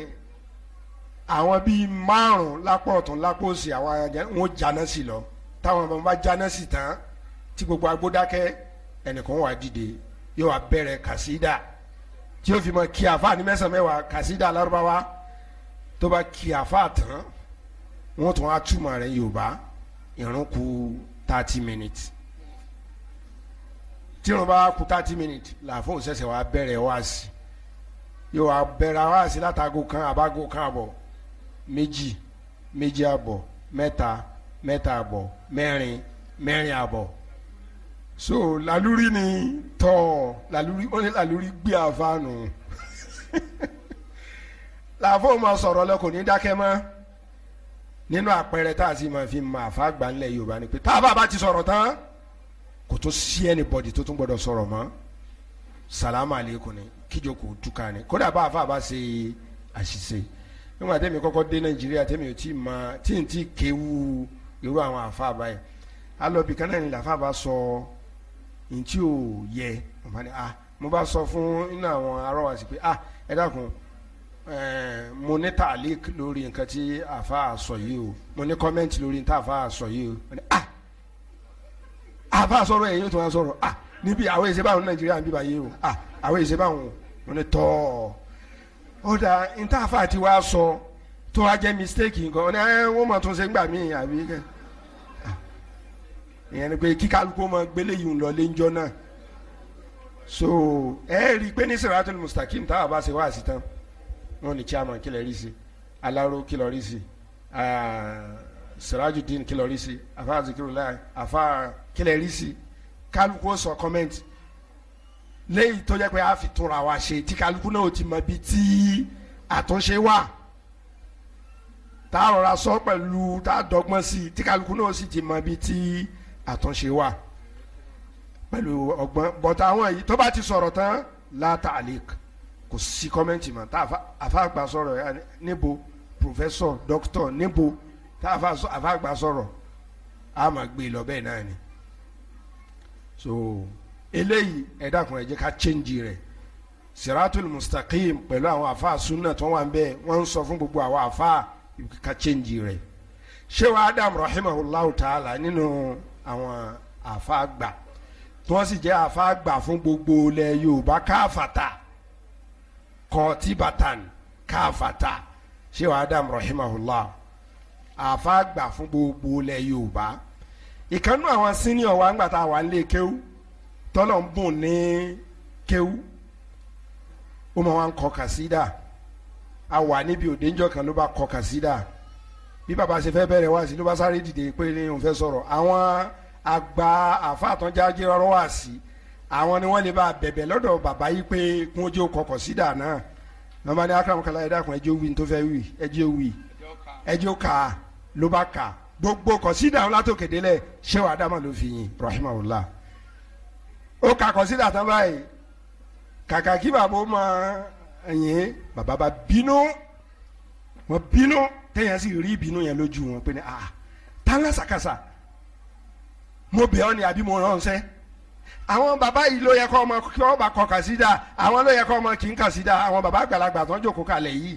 àwọn bíi márùn lápọ̀ ọ̀tún lápò òsì àwọn wọn jáná sí lọ táwọn ọmọ bá jáná sí tán tí gbogbo agbódákẹ́ ẹnìkan wà dìde yóò wá bẹ̀rẹ̀ kàsídà tí yóò fi mọ kí àáfàá ní mẹ́sàn-án kàsídà lárúbáwá tó bá kí àáfàá tán wọ́n tún á túmọ̀ yorùbá ìrún kù thirty minutes tírun bá kù thirty minutes làáfóun ṣẹ̀ṣẹ̀ wàá bẹ̀rẹ̀ wáàsí yóò wàá bẹ̀rẹ̀ wáàsí látago kan àbágo kan àbọ̀ méjì méjì àbọ̀ mẹ́ta mẹ́ta àbọ̀ mẹ́rin mẹ́rin àbọ̀ so làlúrí ni tọ́ làlúrí ó ní làlúrí gbé àfáànù làáfóun máa sọ̀rọ̀ lọ kò ní dákẹ́ mọ́ nínú àpẹẹrẹ tá a sì máa fi máa fà gbà ńlẹ̀ Yorùbá ni pé tá a bá a ti sọ̀rọ̀ tán kò tó sí anybody tó tún gbọdọ̀ sọ̀rọ̀ mọ́ salamu aleykum ni kíjọ kò túká ni kódà bá a fa bá ṣe àṣìṣe nígbà tẹ́mi kọ́kọ́ dé nàìjíríà tẹ́mi ò tí ì ma tí ì tí ì kéwu irú àwọn àfa báyìí alọ́bì kan náà ni làfa bá sọ ntí ò yẹ ọ̀ma ni ah mo bá sọ fún inú àwọn arọ́wà sí pé ah ẹ dákun mo ní taalik lórí nǹkan tí àfa sọ yìí o mo ní kọ́mẹ́ǹtì lórí nǹkan tí àfa sọ yìí o ah àfa sọ̀rọ̀ ẹ̀yin tó wá sọ̀rọ̀ à ah, níbi àwọn èsè báwọn nàìjíríà ń bíbá yé o à ah, àwọn èsè báwọn ò ní tọ́ ọ dà ntàfà ti wá sọ tó wá jẹ́ mistake nǹkan ọ̀nà ẹ̀ eh, wọ́n mọ̀ tún ṣe gbà mí àbí kẹ́ ah, ìyẹn ni pé kíkálukú mọ gbélé yìí ń lọ náà so ẹ rí i pé ní sèrètò mustakim táwa bá ṣe wá sí tán wọn ní chairman kí lè rí sí alaro kí lè rí sí sirajudeen kí lè rí sí afa zikirulayi afa kílẹ̀ rí sí kálukú ó sọ comment léyìí tó jẹ́ pé a fi túnra wa ṣe tí kálukú náà ó ti mọ ibi tí àtúnṣe wà tá a rọra sọ pẹ̀lú tá a dọ́gbọ́n sí i tí kálukú náà ó sì ti mọ ibi tí àtúnṣe wà pẹ̀lú ọgbọ́n bọ̀tà àwọn yìí tó bá ti sọ̀rọ̀ tán láta kò sí kọ́mẹ́ǹtì mọ́ tá àfàgbà sọ̀rọ̀ níbo pòfẹ́sọ̀ dókítọ̀ níbo tá àfàgbà sọ̀rọ̀ a gbé e lọ bẹ́ẹ̀ náà ni so eléyìí ẹ dákun ẹ jẹ́ ká change rẹ̀ siratul mustaqim pẹ̀lú àwọn afa sunna tó wà ń bẹ́ẹ̀ wọ́n ń sọ fún gbogbo àwọn afa ká change rẹ̀ sheu adam rahimahullahu ta'ala nínú àwọn afa gbà tí wọ́n sì jẹ́ afa gbà fún gbogbo ilẹ̀ yorùbá káfàtà kọ́tìbàtàn káfàtà sheu adam rahimahullahu afa gbà fún gbogbo ilẹ̀ yorùbá ìkànnú àwọn senior wa ńgbà tá a wà ń lé kéwú tọ́lọ̀ ń bùn ní kéwú ó máa wá ń kọ kàsídà a wà níbi òdéńjọ kan ló bá kọ kàsídà bí bàbá ṣe fẹ́ bẹ̀rẹ̀ wá sí ló bá sáré dìde pé ní òun fẹ́ sọ̀rọ̀ àwọn àgbà àfàtànjá jírọ̀rọ̀ wá sí àwọn ni wọ́n lè bá bẹ̀bẹ̀ lọ́dọ̀ bàbá yìí pé kún ojú kọ kàsídà náà màmá ní kala ẹ̀dá kan ẹjọ́ wí ní tó fẹ́ wí ẹjọ́ wí ẹjọ́ kà ló bá kà gbogbo kọ̀sídà látòkèdélẹ̀ ṣéwà ádámà ló fi yìn rahimahullah ó ka kọ̀sídà tán báyìí kàkà kí bàbá ó máa yìn bàbá bá bínú wọn bínú téèyàn sì rí ìbínú yẹn lójú wọn pé ní ah tán lásàkàsà mo bẹ̀ ọ́ ni àbí mo rán ṣẹ́ àwọn bàbá yìí ló yẹ kọ́ ọmọ kí wọ́n bá kọ kàsídà àwọn ló yẹ kọ́ ọmọ kì í kàsídà àwọn bàbá àgbàlagbà tó ń jòkó kalẹ̀ yìí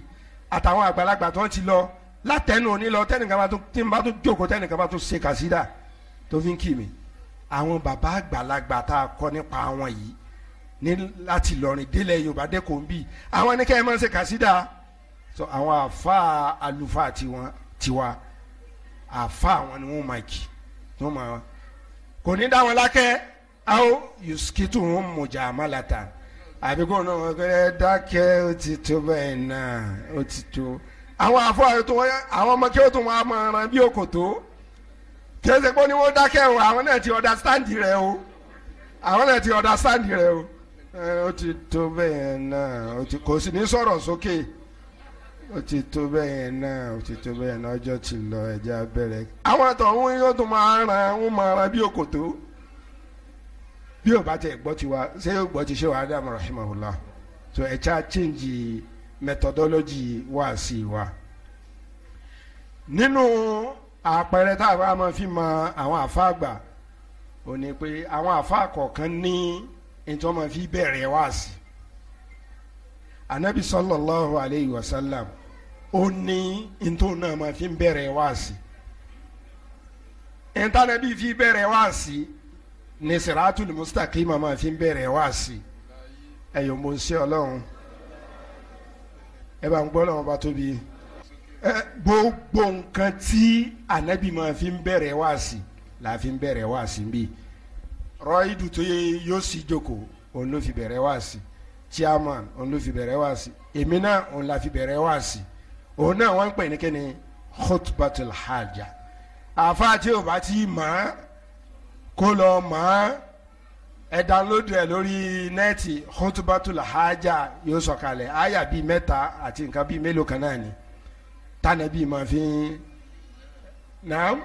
àtàwọn àgbàlagbà tó ń ti lọ látẹnu òní lọ tẹnìkan bá tún tí n bá tún jókòó tẹnìkan bá tún ṣe kàṣídà tó fi ń kì mí àwọn bàbá àgbàlagbà tá a kọ́ nípa àwọn yìí ní láti lọrin délẹ̀ yorùbá dẹ́kun bíi àwọn ẹnikẹ́ni máa ń ṣe kàṣídà so àwọn àfáà àlùfáà tiwọn tiwa àfáà àwọn ni wọ́n máa kì tí wọ́n máa kò ní dá wọn lákẹ́ àwọn yusukitu wọn mọ̀jà àmàlàtà àbíkó náà wọ́n kẹ́ dákẹ́ ó ti tó bẹ́ẹ̀ náà ó ti tó àwọn afọ àyètò wọn àwọn ọmọ kí ó tún wọn mọ ọ̀ràn bí òkòtó kí ẹ ṣe pé ó ní wọ́n dákẹ́ o àwọn náà ti understand rẹ o àwọn náà ti understand rẹ o ó ti tó bẹ́ẹ̀ náà kò sì ní sọ̀rọ̀ sókè ó ti tó bẹ́ẹ̀ náà ó ti tó bẹ́ẹ̀ náà ọjọ́ ti lọ ẹ̀jẹ̀ abẹ́rẹ́. àwọn àtọ̀hún yóò tún máa ran wọn máa ran bí òkòtó bí ò bá tẹ̀ gbọ́ tiwa ṣé yóò gbọ́ ti ṣé wàá so ẹ̀ change methodology wá sí wa nínú àpẹẹrẹ tá a bá máa fi mọ àwọn àfáà àgbà ò ní pé àwọn àfáà kọ̀ọ̀kan ní nítorí máa fi bẹ̀rẹ̀ wá sí anabi sallallahu alayhi wa sallam ó ní nítorí náà máa fi bẹ̀rẹ̀ wá sí ntànàbí fi bẹ̀rẹ̀ wá sí ní siratul mustaqima máa fi bẹ̀rẹ̀ wá sí ẹ̀yọ̀ mọ̀ sí ọlọ́run ẹ bá ń gbọ́ lọ́wọ́ bá tóbi gbogbo nǹkan tí anabi máa fi ń bẹ̀rẹ̀ wáàsí la fi ń bẹ̀rẹ̀ wáàsí bí rọ́ìdù tó yẹ yóò sì jókòó òun ló fi bẹ̀rẹ̀ wáàsí chairman òun ló fi bẹ̀rẹ̀ wáàsí èmi náà òun la fi bẹ̀rẹ̀ wáàsí òun náà wọ́n ń pè ní kíni khutbatul hajj àfa tí o bá ti mọ̀ kó lọ mọ̀ ẹ download ẹ lórí nẹ́ẹ̀tì hutubatul haja yóò sọ̀kalẹ̀ àyà bíi mẹ́ta àti nǹkan bíi mélòó kan náà ni tànà bíi máa fi naam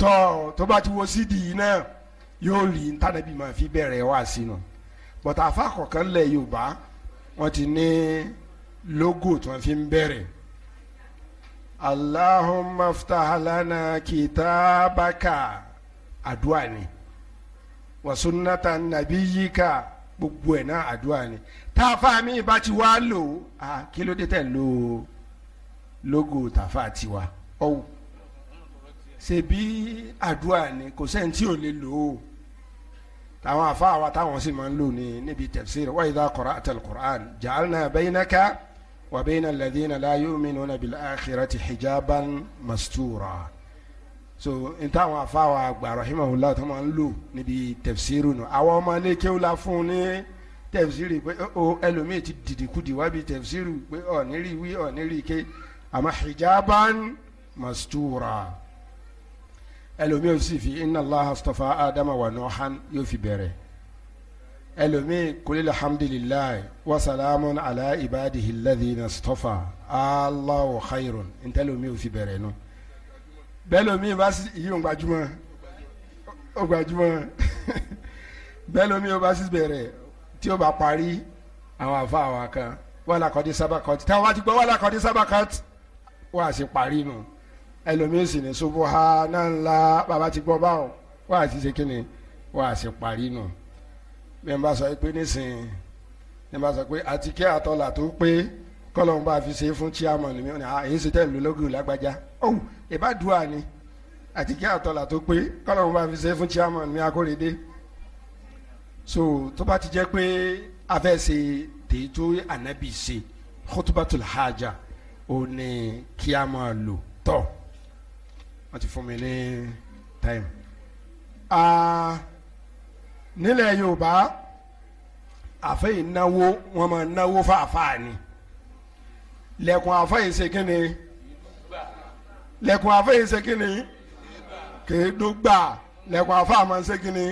tọ́ tó bá ti wo sídì yìí náà yóò rí tànà bíi máa fi bẹ̀rẹ̀ wá sínú bọ̀tà àfa lẹ̀ Yorùbá wọ́n ti ní logo tí wọ́n fi ń bẹ̀rẹ̀. Allahumma ftah lana kitabaka àdúrà ni wa sunnata nabiyyika gbogbo ẹ̀ náà àdúrà ni táfà mi bá ti wá lò ó kí ló dé tẹ̀ lò ó lógo táfà tiwa ọ̀hún ṣe bí àdúrà ni kò sẹ́ni tí ò lè lò ó táwọn afáwa táwọn sì máa ń lò ní níbi tafsir wa idha qara'ta al-Qur'an ja'alna baynaka wa bayna alladhina la yu'minuna bil-akhirati hijaban mastura so n táwọn afáwọn àgbà rahimahullah tó máa ń lò níbi tẹ̀fsíìrù nù àwọn ọmọ ilé kéwù la fún un ní tẹ̀fsíìrì pé ó ẹlòmíì ti dìdìkudì wá bí tẹ̀fsíìrì pé ọ̀ nírí wí ọ̀ nírí ké àmọ́ hijaban mastura ẹlòmíì ó sì fi inna allah astafa adama wa nuhan yóò fi bẹ̀rẹ̀ ẹlòmíì kulil hamdulilayi wasalamun ala ibadihi alladhina astafa allahu khairun ntẹ́lòmíì ó fi bẹ̀rẹ̀ nù. No bẹ́ẹ̀ lomi bá sì yí òun gbajúmọ̀ òun gbajúmọ̀ bẹ́ẹ̀ lomi bá sì bẹ̀rẹ̀ tí ó bá parí àwọn àfa àwa kan wàhálà kọ́dí sábà kọ́tì táwọn ti gbọ́ wàhálà kọ́dí sábà kọ́tì wà á sì parí nù ẹlòmíì sì ní ṣubú ha náà ńlá bàbá ti gbọ́ báwọn wà á sì ṣe kíni wà á sì parí nù bí wọ́n bá sọ pé nísìnyí bí wọ́n bá sọ pé àtikẹ́ àtọ́là tó pé kọ́lọ́n bá fi ṣe fún chairman mi ọ̀nà àyè ah, ṣe tẹ̀lé lọ́gùn lágbájá ọ̀hún ìbádùá ni àti kí àtọ́là tó pé kọ́lọ́n bá fi ṣe fún chairman mi akóredé so tó bá ti jẹ́ pé afẹ́ ṣe tètò ànábì ṣe khutbatul haja ó ní kí a máa lò tọ́ wọ́n ti fún mi ní time. nílẹ̀ yorùbá àfẹ́ ìnáwó wọ́n máa náwó fáfáà ni lẹ̀kùn àfa yìí ṣe kíni lẹ̀kùn àfa yìí ṣe kíni kéédógbà lẹ̀kùn àfa máa ń ṣe kíni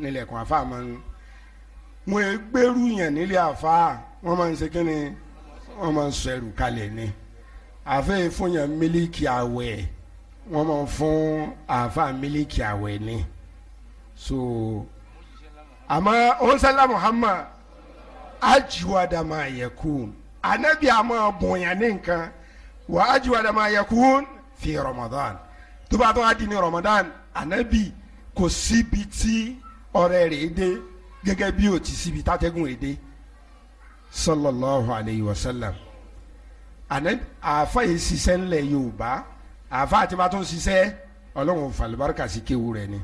ni lẹ̀kùn àfa máa ń wọn gbẹrù yẹn nílé àfa wọn máa ń ṣe kíni wọn máa ń sọ ẹrù kalẹ̀ ni àfa fún yẹn mílíkì àwẹ̀ wọn máa ń fún àfa mílíkì àwẹ̀ ni so àmọ́ ọ̀nsálà Muhammad ajiwada ma yakun anabi a máa bonya wa ajiwada ma yakun fi ramadan tó bá tó a ramadan anabi kò síbi tí ọ̀rẹ́ rẹ̀ dé gẹ́gẹ́ bí o ti síbi tátẹ́gùn rẹ̀ dé sallallahu alayhi wa sallam anabi àfa yìí ṣiṣẹ́ ńlẹ̀ yorùbá àfa àti bá tó ń ṣiṣẹ́ falibarika sí kéwu rẹ̀ ni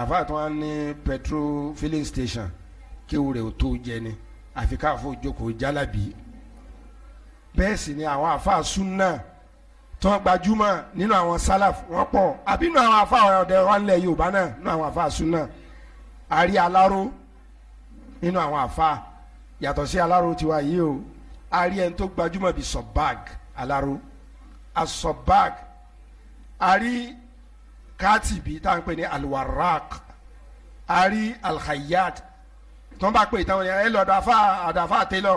afa àti wọn ní petrol filling station kéwu rẹ̀ ò tó jẹ ni àfi káfọ jókòó jálàbí bẹ́ẹ̀ sì ni àwọn àfa sunna tó gbajúmọ̀ nínú àwọn sálàf wọ́n pọ̀ àbí nínú àwọn àfa ọ̀dẹ̀ wọn lẹ̀ yorùbá náà nínú àwọn àfa sunna àrí aláró nínú àwọn àfa yàtọ̀ sí aláró tiwa yìí o àrí ẹni tó gbajúmọ̀ bíi sọ̀báàg aláró asọ̀báàg àrí kátìbí tá à ń pè ní alwaraq àrí alhayyat tó ń bá pè táwọn ẹ lọ àdàfà àdàfà télọ̀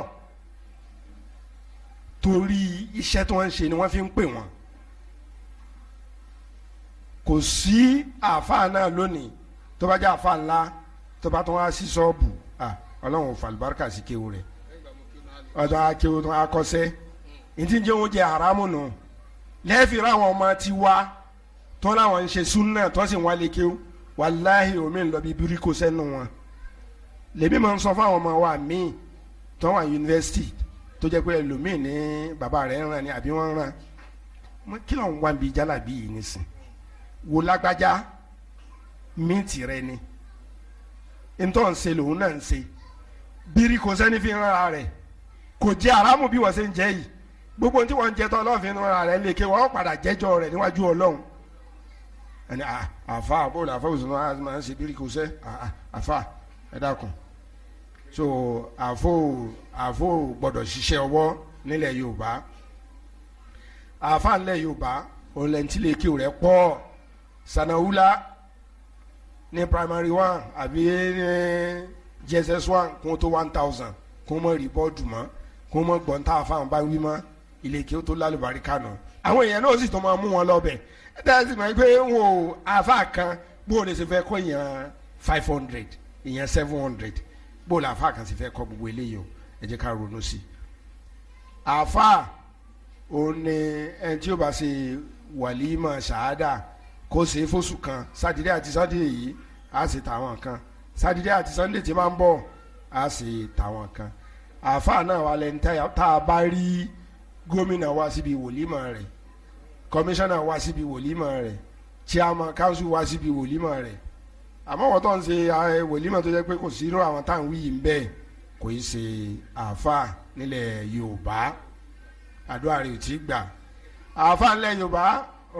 torí iṣẹ́ tí wọ́n ń ṣe ni wọ́n fi ń pè wọ́n kò sí àáfàá náà lónìí tó bá jẹ́ àáfàá ńlá tó bá tó wá sí ṣọ́ọ̀bù ọlọ́run ò fàlùbáríkà sí kéwù rẹ̀ ọ̀dọ̀ akéwù tó akọ́sẹ́ ìdí ń jẹ́ oúnjẹ haramu nù lẹ́ẹ̀fì ráwọn ọmọ ti wá tó láwọn ń ṣe súnà tó sì wá lè kéwù wàláhì omi ń lọ sẹ́nu wọn lèmi máa ń sọ fáwọn ọmọ wa míì tó wà yunifásitì tó jẹ́ pé ẹlòmíì ní bàbá rẹ̀ ń ràn ní àbí wọ́n ń ràn kí ló ń wá bí jálàbí yìí nísìn wò lágbájá míǹtì rẹ ni ntọ́ ń ṣe lòun náà ń ṣe bírí kò sẹ́ni fi ràn rẹ̀ kò jẹ́ aráàmù bí wọ́n ṣe ń jẹ́ yìí gbogbo tí wọ́n ń jẹ tọ́ ọlọ́run fi ràn rẹ̀ lè ké wọ́n padà jẹ́jọ́ rẹ̀ níwájú ọlọ́run ẹni àfa àbó làfa òsùnà máa ń ṣe bírí kò sẹ́ àfa ẹ dákun so àfọ àfọ gbọ́dọ̀ ṣiṣẹ́ ọwọ́ nílẹ̀ yorùbá àfa nílẹ̀ yorùbá olùlẹ̀ntìlẹ̀ kí o rẹ̀ pọ̀ sanawula ní primary one àbí ní jss one kún tó one thousand kún mọ́ rìbọ́ọ̀dù mọ́ kún mọ́ gbọ̀ntà àfahàn bá wí mọ́ ilé kí o tó lálùbárí kànú àwọn èèyàn náà sì tó máa mú wọn lọ́bẹ̀ dáhùn sí pé wọn ò àfa kan bó o lè ṣe fẹ́ kó èèyàn five hundred èèyàn seven hundred bóòlù àfa kan sì fẹ́ kọ́ gbogbo eléyìí o ẹ jẹ́ ká ronú sí i àfa òun ni ẹni tí ó bá ṣe wàlímọ̀ ṣáádà kó ṣe fóṣù kan sátidé àti sátidé yìí á ṣe tàwọn kan sátidé àti sátidé tí máa ń bọ̀ á ṣe tàwọn kan àfa náà wà lẹ́ni tá a bá rí gómìnà wá síbi wòlímọ̀ rẹ̀ kọmíṣánná wá síbi wòlímọ̀ rẹ̀ chairman council wá síbi wòlímọ̀ rẹ̀ àmọ́ wọ́n tó ń ṣe wòlímọ̀ tó jẹ́ pé kò sínú àwọn táwọn wí yìí ń bẹ́ẹ̀ kò í ṣe àáfàá nílẹ̀ yorùbá àdúrà rẹ̀ ò tí gbà àáfàá nílẹ̀ yorùbá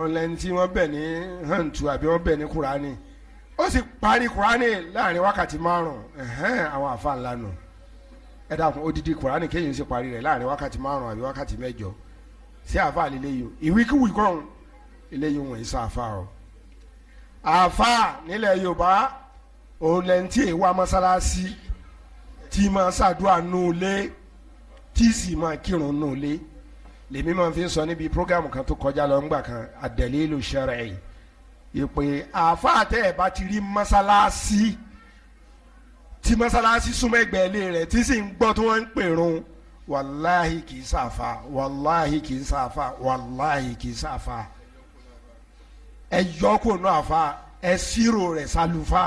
ọ̀lẹ́ni tí wọ́n bẹ̀ ní hàǹtù àbí wọ́n bẹ̀ ní kúránì ó sì parí kúránì láàrin wákàtí márùn ẹ̀hẹ́n àwọn àáfàá ńlá nù ẹ dákun odidi kúránì kéyìn sì parí rẹ̀ láàrin wákàtí márùn àbí wákàtí mẹ́jọ sí àáfàá lílé yìí ìwíkíwì kọ́hún ilé àáfàá nílẹ̀ yorùbá òun wa tí èyí wá mọ́sálásí tí máa ṣàdúrà nù lé tí sì máa kírun nù lèmi máa fi sọ níbi programu kan tó kọjá lọ ńgbà kan àdẹ̀lẹ́ ló ṣẹ̀rẹ̀ yìí ìpè àáfàá tẹ́ ẹ̀ bá ti rí mọ́sálásí tí mọ́sálásí súnmọ́ ẹgbẹ́ ilé rẹ̀ tí sì ń gbọ́ tí wọ́n ń pèrun wàláhì kì í sàfà wàláhì kì í sàfà wàláhì kì í sàfà ẹ yọ kó nù àfa ẹ sírò rẹ̀ sàlùfà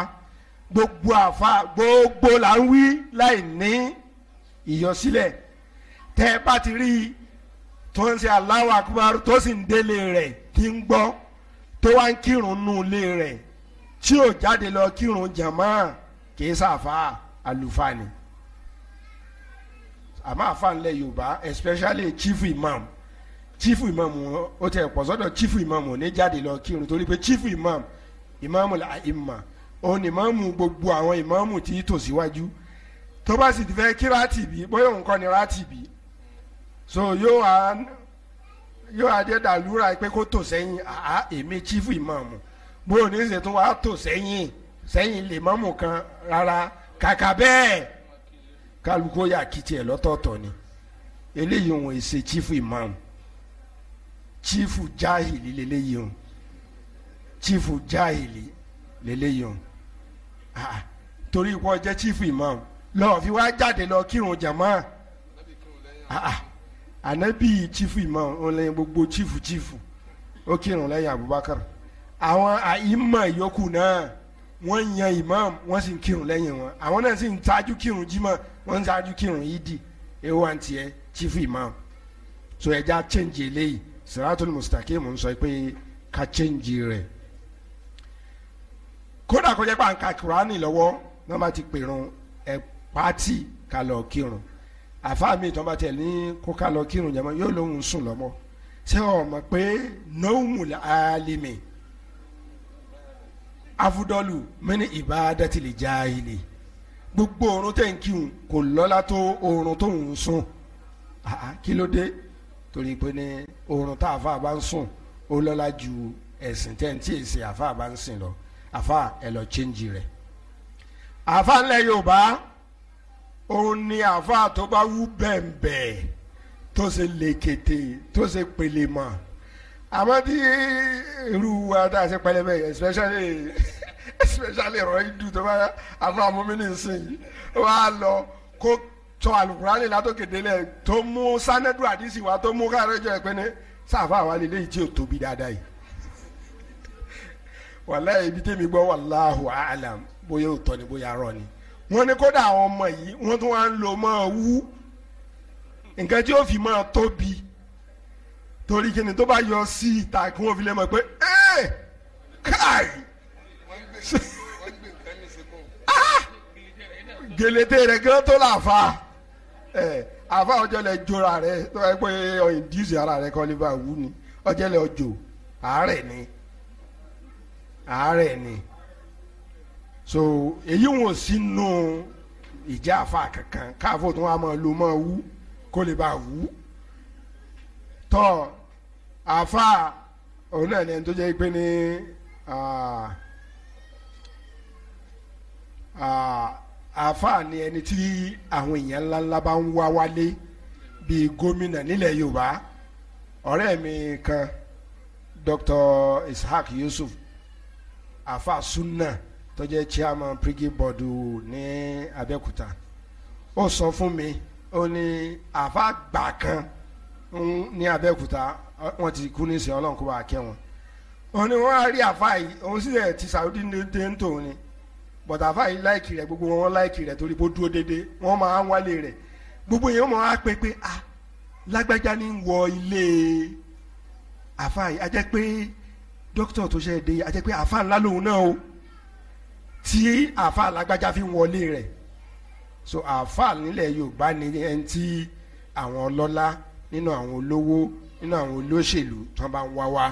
gbogbo àfa gbogbo là ń wí láì ní ìyọsílẹ̀ tẹ́ ẹ bá ti rí i tó ń ṣe Allahu Akbar tó sì ń délé rẹ̀ tí ń gbọ́ tó wá ń kírun nù ilé rẹ̀ tí ò jáde lọ kírun jàmá kìí sàfà àlùfáà ni àmọ́ àfa ńlẹ̀ Yorùbá especially chief imam chiefu imam wọn ó tẹ pọ̀ sọ́dọ̀ chiefu imam ò ní jáde lọ kírun torí pé chiefu imam imam la ima òun ni imam gbogbo àwọn imam tí tò síwájú tó bá sì fẹ́ kí ráàtì bí bóyá òun kọ́ ni ráàtì bí so yóò wá yóò wá dé dàlúrà pé kó tò sẹ́yìn àá èmi chiefu imam bóyá òun ní sè tó wá tò sẹ́yìn sẹ́yìn lè mọ́mù kan rárá kàkà bẹ́ẹ̀ kálukó yà kìtì ẹ̀ lọ́tọ̀ọ̀tọ̀ ni eléyìí òun èsè chiefu imam. Chifu jahili leléyìí o chifu jahili leléyìí o ah torí ìwọ jẹ́ chiefu imam lọ́ọ́ fi wá jáde lọ kírun jàmá ah, ah ànábì chifu imam ọ̀lẹ́yìn gbogbo chifu chifu. ó kírun lẹ́yìn Abubakar àwọn àìmọ̀ ìyókù náà wọ́n yan imam wọ́n sì ń kírun lẹ́yìn wọn àwọn náà sì ń ṣáájú kírun jímọ̀ wọ́n ń ṣáájú kírun yídì ewu àǹtí ẹ chiefu imam so ẹja change eléyìí siratul mustaqim ń sọ pé ká chẹ́ǹjì rẹ̀ kódà kó jẹ́ pé à ń ka kurani lọ́wọ́ náà má ti pèrún ẹ̀ pàtì ká lọ kírun àfáà mi bá tẹ̀ ní kó ká lọ kírun jẹ́mọ́ yóò lóhùn sùn lọ́mọ́ ṣé o mọ̀ pé nọ́ọ̀mù alimi afudọ́lù mẹ́ni ìbádàtì lè já ilé gbogbo oorun tẹ̀ ń kírun kò lọ́lá tó oorun tó ń sùn kí ló dé torí pé ní oorun tá àfa bá ń sùn ó lọ́lá ju ẹ̀sìn tẹ́ ń tí èsì àfa bá ń sìn lọ àfa ẹ̀ lọ chéńjì rẹ̀ àfa ńlẹ̀ Yorùbá òun ni àfa tó bá wú bẹ́ẹ̀nbẹ́ẹ̀ tó ṣe lèkètè tó ṣe pèlè mọ́ àmọ́ tí irú wa tá a ṣe pẹlẹbẹ especially especially rọ idu tó bá àfa mọ́mí nìsín wàá lọ kó sọ alukurani látòkèdélẹ̀ tó mú sanadu àdìsí wa tó mú kárẹ́jọ ẹ̀ sáfà wa lè léyìí tí o tóbi dáadáa yìí wàláyé ibi tẹ́mi gbọ́ wàláhù àlàm bóyá òótọ́ ni bóyá arọ́ ni wọ́n ní kódà àwọn ọmọ yìí wọ́n tún wá ń lò mọ́ wú nǹkan tí ó fi máa tóbi torí kíni tó bá yọ sí ìta kí wọ́n fi lè mọ̀ pé ẹ́ẹ̀ káì gèlètè rẹ̀ gán tó làáfàá ẹ àfa ọjọ́ lẹ jóra rẹ tó bá yẹ pé ọ induce ara rẹ kọ́ liver wú ni ọjọ́ lẹ ọjọ́ àárẹ̀ ni àárẹ̀ ni so èyí wọn sì nù ìjà àfa kankan káfó tó wà máa lo máa wú kó lè bá wú tọ àfa òun náà ni ẹni tó jẹ́ pé ní. Uh, uh, àáfàá ni ẹni tí àwọn èèyàn ńláńlá bá ń wá wálé bíi gómìnà nílẹ̀ yorùbá ọ̀rẹ́ mi kan Dr. Ishaq Yusuf àáfàá sunna tó jẹ́ chairman prigi board ní Abẹ́òkúta ó sọ fún mi ó ní àáfàá gbà kan ní Abẹ́òkúta wọ́n ti kú ní ìsìn ọlọ́run kó bá a kẹ́ wọ́n á rí àáfàá yìí òun sì ti Saudi ní dé ń tòun bọ̀dà àfáàyè láìkì rẹ̀ gbogbo wọn láìkì rẹ̀ torí bó dúró dédé wọ́n máa ń wálé rẹ̀ gbogbo yẹn wọ́n máa pé pé ah lágbájá ní wọ ilé àfáàyè a jẹ́ pé dókítà tó ṣe é dé a jẹ́ pé àfáà ńlá lòun náà o tí àfáà lágbájá fi wọlé rẹ̀ so àfáà nílẹ̀ Yorùbá ni ẹni tí àwọn ọlọ́lá nínú àwọn olówó nínú àwọn olóṣèlú tí wọ́n bá ń wá wá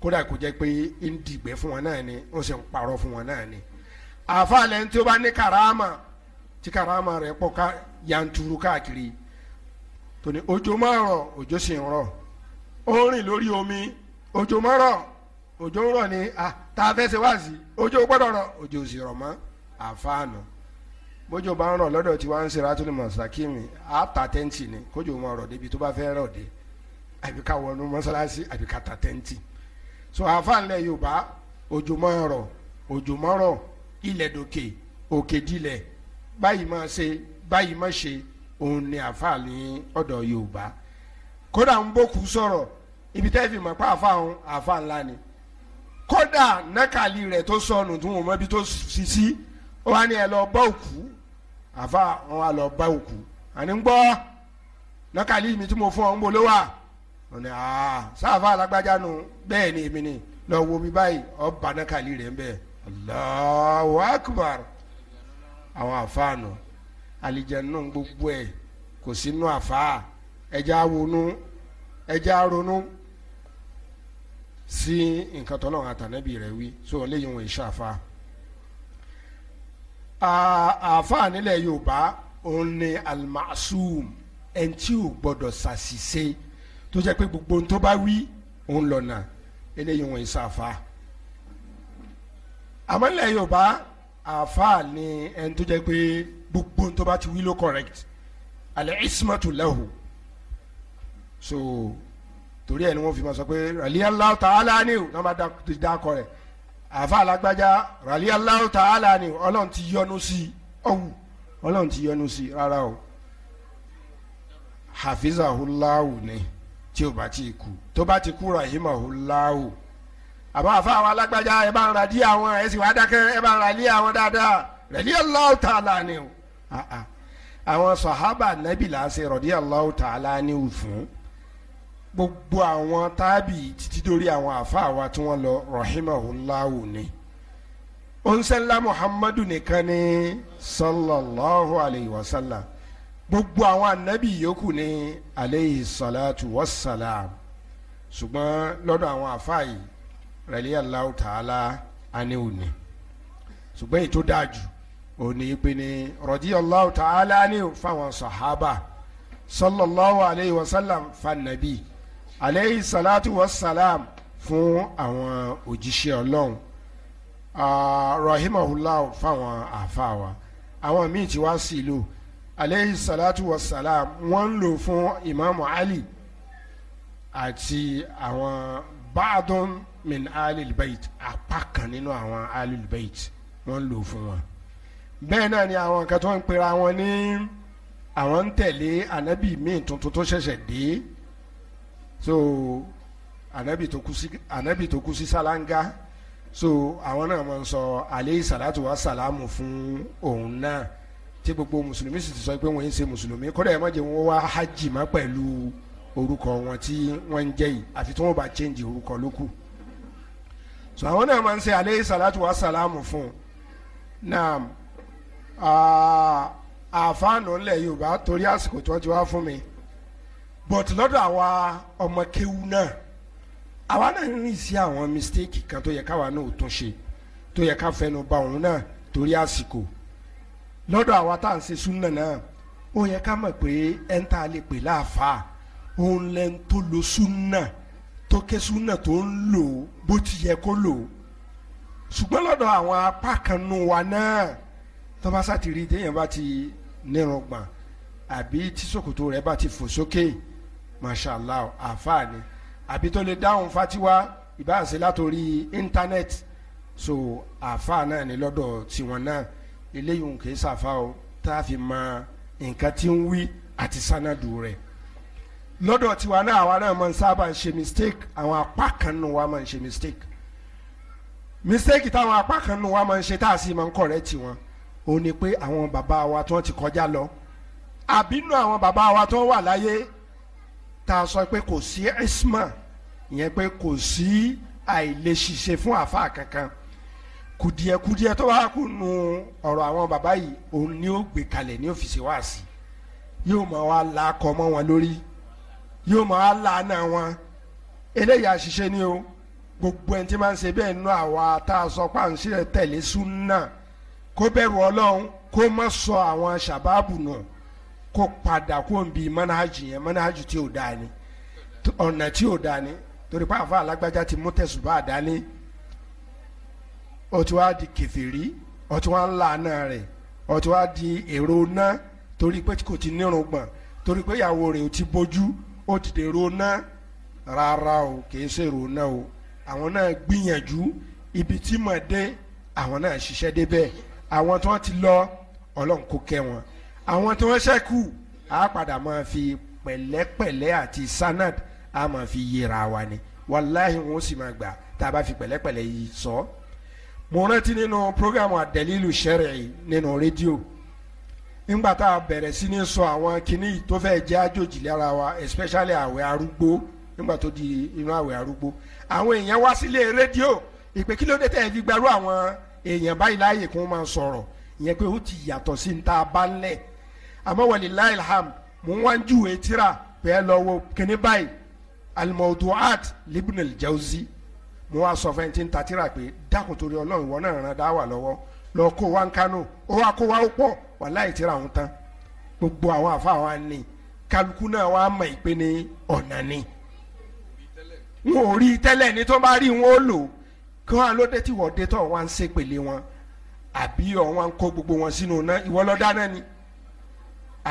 kódà kó jẹ́ pé ń dìgbẹ́ fún wọn náà ni ó sì ń parọ́ fún wọn náà ni àfa lẹ́yìn tí ó bá ní karama tí karama rẹ̀ pọ̀ ká yanturu káàkiri tòní òjò máa rọ̀ òjò sì ń rọ̀ ó rìn lórí omi òjò máa rọ̀ òjò ń rọ̀ ní à tá a fẹ́ ṣe wá sí òjò gbọ́dọ̀ rọ̀ òjò sì rọ̀ mọ́ àfáànù bójò bá ń rọ̀ lọ́dọ̀ tí wọ́n ń ṣe rátúlù mọ̀sákìmì á ta tẹ́ǹtì ni kójò máa rọ̀ débi tó bá fẹ́ rọ̀ dé àbí ká wọnú mọ́sálásí àbí ká ta tẹ́ǹtì so àfáànù lẹ Yorùbá òjò máa rọ̀ òjò ilẹ̀ dòkè òkè dilẹ̀ báyìí máa ṣe báyìí máa ṣe òun ni àfáà ní ọ̀dọ̀ Yorùbá kódà ń bókù sọ̀rọ̀ ibi tẹ́ fi mọ̀ pé àfáà ń àfáà ńlá ni kódà nákàlí rẹ̀ tó sọnù tó wọn mọ́bi tó sì sí ó wá ní ẹ lọ bá òkú àfáà wọn wá lọ bá òkú àní ń gbọ́ nákàlí mi tí mo fún ọ ń bolówó à ọ̀nà àà sáfà alágbájá nu bẹ́ẹ̀ ni èmi ni lọ wo mi báyìí ọba nákàlí rẹ̀ ń bẹ́ẹ̀ Allahu akbar àwọn àfáànù àlìjẹ̀nù gbogbo ẹ̀ kò sínú àfáà ẹja ronú ẹja ronú sí nǹkan tọ́lọ́run àtànẹ́bì rẹ̀ wí so léyìn wọn ìṣàfà àfáà nílẹ̀ Yorùbá òun ni almasum ẹni tí ò gbọdọ̀ ṣàṣìṣe tó jẹ́ pé gbogbo ohun tó bá wí òun lọ́nà eléyìí wọn ìṣàfà àmọ́ ilẹ̀ yorùbá àáfàá ni ẹni tó jẹ́ pé gbogbo tó bá ti wí correct alẹ́ ismatu lahu so torí ẹ̀ ni wọ́n fi máa sọ pé ràlíyàlláhu ta'ala ni wọ́n máa dá akọ rẹ̀ àáfàá alágbájá ràlíyàlláhu ta'ala ni ọlọ́run ti yọ́nú sí ọ̀hún ọlọ́run ti yọ́nú sí rárá o hafizahulahu ni tí o bá ti kú tó bá ti kú rahimahulahu àbá àfa àwọn alágbájá ẹ bá ń ra dí àwọn ẹ sì wá dákẹ́ ẹ bá ń ra ilé àwọn dáadáa radiyallahu ta'ala ni o àwọn sahaba nabi là ń ṣe radiyallahu ta'ala ni o fún gbogbo àwọn tábì títí dórí àwọn àfa àwa tí wọ́n lọ rahimahullahu ni onsenla muhammadu nìkan ni sallallahu alayhi wa sallam gbogbo àwọn anabi yòókù ni alayhi salatu wa salam ṣùgbọ́n lọ́dọ̀ àwọn àfáà yìí rẹ̀lẹ́ aláwọ̀ tààlà aníwò ni ṣùgbọ́n èyí tó dáa jù òní pé ní rọ̀jí aláwọ̀ tààlà aníwò fáwọn sàhábà sallallahu alayhi wa sallam fanabi alayhi salatu wa salam fún àwọn òjíṣẹ́ ọlọ́run rahimahullah fáwọn àfa wa àwọn míì tí wá sí ìlú aleyhi salatu wa salam wọ́n lò fún imaamu ali àti àwọn baadun min alilbait apá kan nínú àwọn alilbait wọ́n ń lò fún wọn bẹ́ẹ̀ náà ni àwọn kan tó ń pera wọn ní àwọn ń tẹ̀lé ànábì míì tuntun tó ṣẹ̀ṣẹ̀ dé so ànábì tó kú sí ànábì sálángá so àwọn náà máa ń sọ aleyhi salatu wa salamu fún òun náà tí gbogbo mùsùlùmí sì ti sọ pé wọ́n ń ṣe mùsùlùmí kódà ẹ̀ má jẹ́ wọ́n wá hajj má pẹ̀lú orúkọ wọn tí wọ́n ń jẹ́ yìí àfi tí wọ́n bá change orúkọ lókù so àwọn náà máa ń ṣe aleyhi salatu wa salamu fún naam àfáànù ńlẹ̀ yorùbá torí àsìkò tí wọ́n ti wá fún mi but lọ́dọ̀ àwa ọmọ kéwú náà àwa náà ń rìn sí àwọn mistake kan tó yẹ káwa náà ò tún ṣe tó yẹ ká fẹnu ba òun náà torí àsìkò lọ́dọ̀ àwa tá à ń ṣe súnà náà ó yẹ ká mọ̀ pé ẹ̀ńtà lè pè láàfáà òun lẹ́nu tó lo súnà tó ké súnà tó ń lò ó bó ti yẹ kó lò ṣùgbọ́n lọ́dọ̀ àwọn apá kan nù wa náà tọ́básá ti rí téèyàn bá ti nírùngbọ̀n àbí tí ṣòkòtò rẹ̀ bá ti fò sókè mashallah àfààní àbí tó lè dáhùn fatiwa ìbáàṣe látòrí íńtánẹ́ẹ̀tì so àfàá náà ní lọ́dọ̀ tiwọn náà eléyìí ń kì í ṣàfà o tá a fi mọ nǹkan tí ń wí àti sánádù rẹ̀ lọ́dọ̀ tiwa náà àwa náà máa ń sábà ń ṣe mistake àwọn apá kan nù wa máa ń ṣe mistake mistake táwọn apá kan nù wa máa ń ṣe tá a sì máa ń correct wọn ó ní pé àwọn bàbá wa tó ti kọjá lọ àbínú àwọn bàbá wa tó wà láyé tá a sọ pé kò sí isma ìyẹn pé kò sí àìlèṣiṣẹ́ fún àfa kankan kùdìẹ̀kùdìẹ̀ tó bá kù nù ọ̀rọ̀ àwọn bàbá yìí òun ni ó gbé kalẹ̀ ní òfìsì yóò máa wá làákọ̀ mọ́ wọn lórí yóò máa lànà wọn eléyìí àṣìṣe ni o gbogbo ẹni tí máa ń ṣe bẹ́ẹ̀ nú àwa tá a sọ pa ń ṣe tẹ̀lé súnà kó bẹ̀rù ọlọ́run kó má sọ àwọn ṣàbáàbù nù kó padà kó ń bi mọ́nájì yẹn mọ́nájì tí ò dáa ni ọ̀nà tí ò dáa ni torí pé àfa alágbájá ti mú tẹ̀sùbá àdáni ó ti wá di kẹfìrí ó ti wá ń lànà rẹ̀ ó ti wá di èrò ná torí pé kò ti nírun gbọ̀n torí pé ìyàwó rẹ̀ ò ti bójú ó ti dèrò náà rárá o kìí ṣèrò náà o àwọn náà gbìyànjú ibi tí mà dé àwọn náà ṣiṣẹ́ débẹ̀ àwọn tí wọ́n ti lọ ọlọ́run kò kẹ́ wọn àwọn tí wọ́n ṣẹ́kù á padà máa fi pẹ̀lẹ́pẹ̀lẹ́ àti sanad á máa fi yẹra wa ni wàláhì wọn ó sì máa gbà tá a bá fi pẹ̀lẹ́pẹ̀lẹ́ yìí sọ. mo rántí nínú programu àdẹ́lílù ṣẹ́rẹ̀ nínú rédíò. No nígbà tá a bẹ̀rẹ̀ sí ní sọ àwọn kinní tó fẹ́ jẹ́ àjòjì lára wa especially àwẹ̀ arúgbó nígbà tó di inú àwẹ̀ arúgbó àwọn èèyàn wá sílé rédíò ìpè kí ló dé tẹ̀ fi gbarú àwọn èèyàn báyìí láàyè kí wọ́n máa sọ̀rọ̀ ìyẹn pé ó ti yàtọ̀ sí níta bá ń lẹ̀ àmọ́ wọlé láìlham mò ń wá ń júwe tíra pé ẹ lọ kinní báyìí almawduat libn aljawzi mo wá sọ fẹ́ntì ń ta pé dákùn wàláì tíra àwọn tán gbogbo àwọn àfa wa ni kálukú náà wàá mọ̀ ìpè ní ọ̀nà ni wọn ò rí i tẹ́lẹ̀ ní tó bá rí wọn ó lò kí wọn lóde tí wọ́n dé tó wọn ń ṣe pèlè wọn àbí wọn kó gbogbo wọn sínú náà ìwọ lọ dáná ni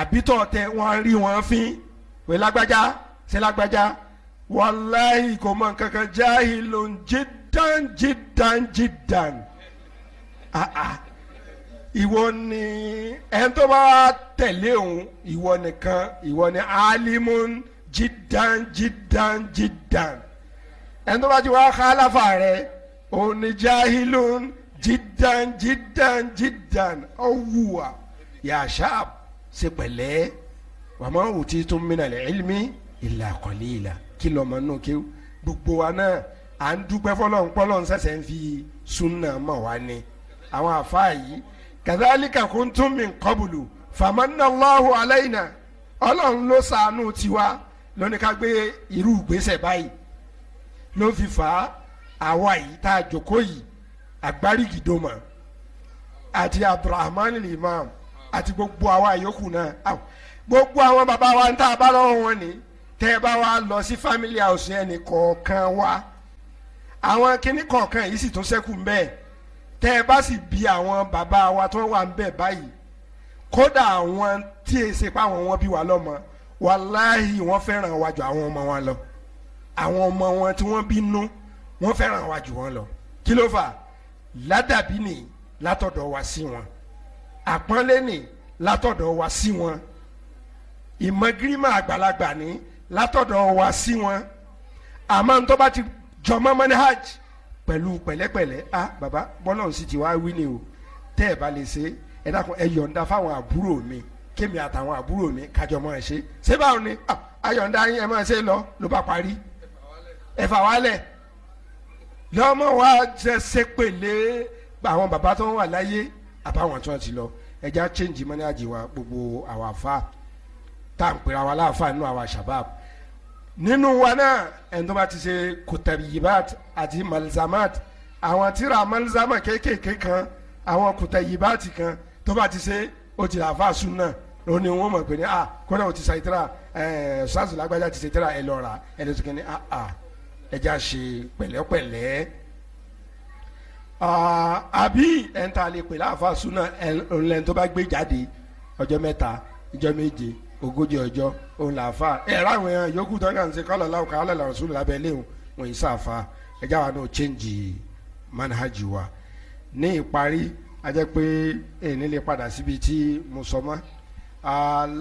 àbí tó tẹ wọn rí wọn fín pé lágbájá ṣe lágbájá wàláì kò mọ nǹkan kan jáì ló ń jí dán jí dán jí dán ìwọ ni ẹni tó bá tẹ̀lé òun ìwọ nìkan ìwọ ni alimun jidan jidan jidan ẹni tó bá ti wá kálàfà rẹ òun ni jahilun jidan jidan jidan ọwùwà yashab ṣe pẹ̀lẹ́ wàmọ òtí tún minal ilmi ìlà qalila kí lọmọ náà kéwù gbogbo wa náà à ń dúpẹ́ fọlọ́n sẹ̀sẹ̀ ń fi súnà mọ̀ wá ni àwọn àfáà yìí kadhalika kuntum min qablu famanna Allahu alayna ọlọ́run ló ṣàánú tiwa lónìí ká gbé irú ìgbésẹ̀ báyìí ló fi fà á àwa yìí tá a jòkó yìí àgbárígìdòmọ̀ àti abdulrahman imam àti gbogbo àwa yòókù náà gbogbo àwọn bàbá wa ń tá a bá lọ́wọ́ wọn ni tẹ́ ẹ bá wa lọ sí family house ẹnì kọ̀ọ̀kan wa àwọn kinní yìí sì tún ṣẹ́kù ń bẹ́ẹ̀ tẹ́ ẹ bá sì bi àwọn bàbá wa tó wà ń bẹ̀ báyìí kódà àwọn tí e ṣe pa àwọn wọn bí wa lọ́mọ wàláhì wọ́n fẹ́ràn wa ju àwọn ọmọ wọn lọ àwọn ọmọ wọn tí wọ́n bí nú wọ́n fẹ́ràn wa wọn lọ kí ló fà ládàbí ni látọ̀dọ̀ wa sí wọn àpọ́nlé ni látọ̀dọ̀ wa sí wọn ìmọ̀gírímà àgbàlagbà ni látọ̀dọ̀ wa sí wọn àmọ́ ntọ́ bá ti jọmọ́ mọ́ni hajj pẹ̀lú pẹ̀lẹ́pẹ̀lẹ́ a bàbá bọ́lá òsì ti wá wí ni o tẹ́ ẹ̀ bá lè ṣe ẹ dákun ẹ yọ̀ǹda fáwọn àbúrò mi kémi àtàwọn àbúrò mi kájọ mọ́ ẹ ṣe ṣé báwo ni ayọ̀ǹda yín ẹ máa ṣe lọ ló bá parí ẹ fà wálẹ̀ lọ́mọ wa ṣe ṣépèlé àwọn bàbá tó wà láyé àbáwọn tó ti lọ ẹja change mọ́nájì wa gbogbo àwọn àfa tá à ń pera wa láàfáà nínú àwọn shabab nínú wa náà ẹni tó bá ti ṣe kùtàyíbát àti malzamat àwọn tíra malzama kéékèèké kan àwọn kùtàyíbát kan tó bá ti ṣe ó ti àfa sunna ó ní wọn mọ̀ pé ní a kódà ó ti ṣe tíra ẹ sars lágbájá ti ṣe tíra ẹ lọ rà ẹ lọ ni a a ẹ já ṣe pẹ̀lẹ́pẹ̀lẹ́ àbí ẹni tá a lè sunna ẹ lẹ́ni tó bá gbé jáde ọjọ́ mẹ́ta ogójì ọjọ́ òun là fà ẹ̀ ráwọn èèyàn yòókù tó ń kàn ṣe kọ́lọ̀ láwù ká ọlọ́lá ọ̀ṣun lábẹ́ léwu wọn yìí sàfà ẹjá wa náà chẹ́ǹjì manhaji wa ní ìparí a jẹ́ pé èyí lè padà síbi tí mo sọ mọ́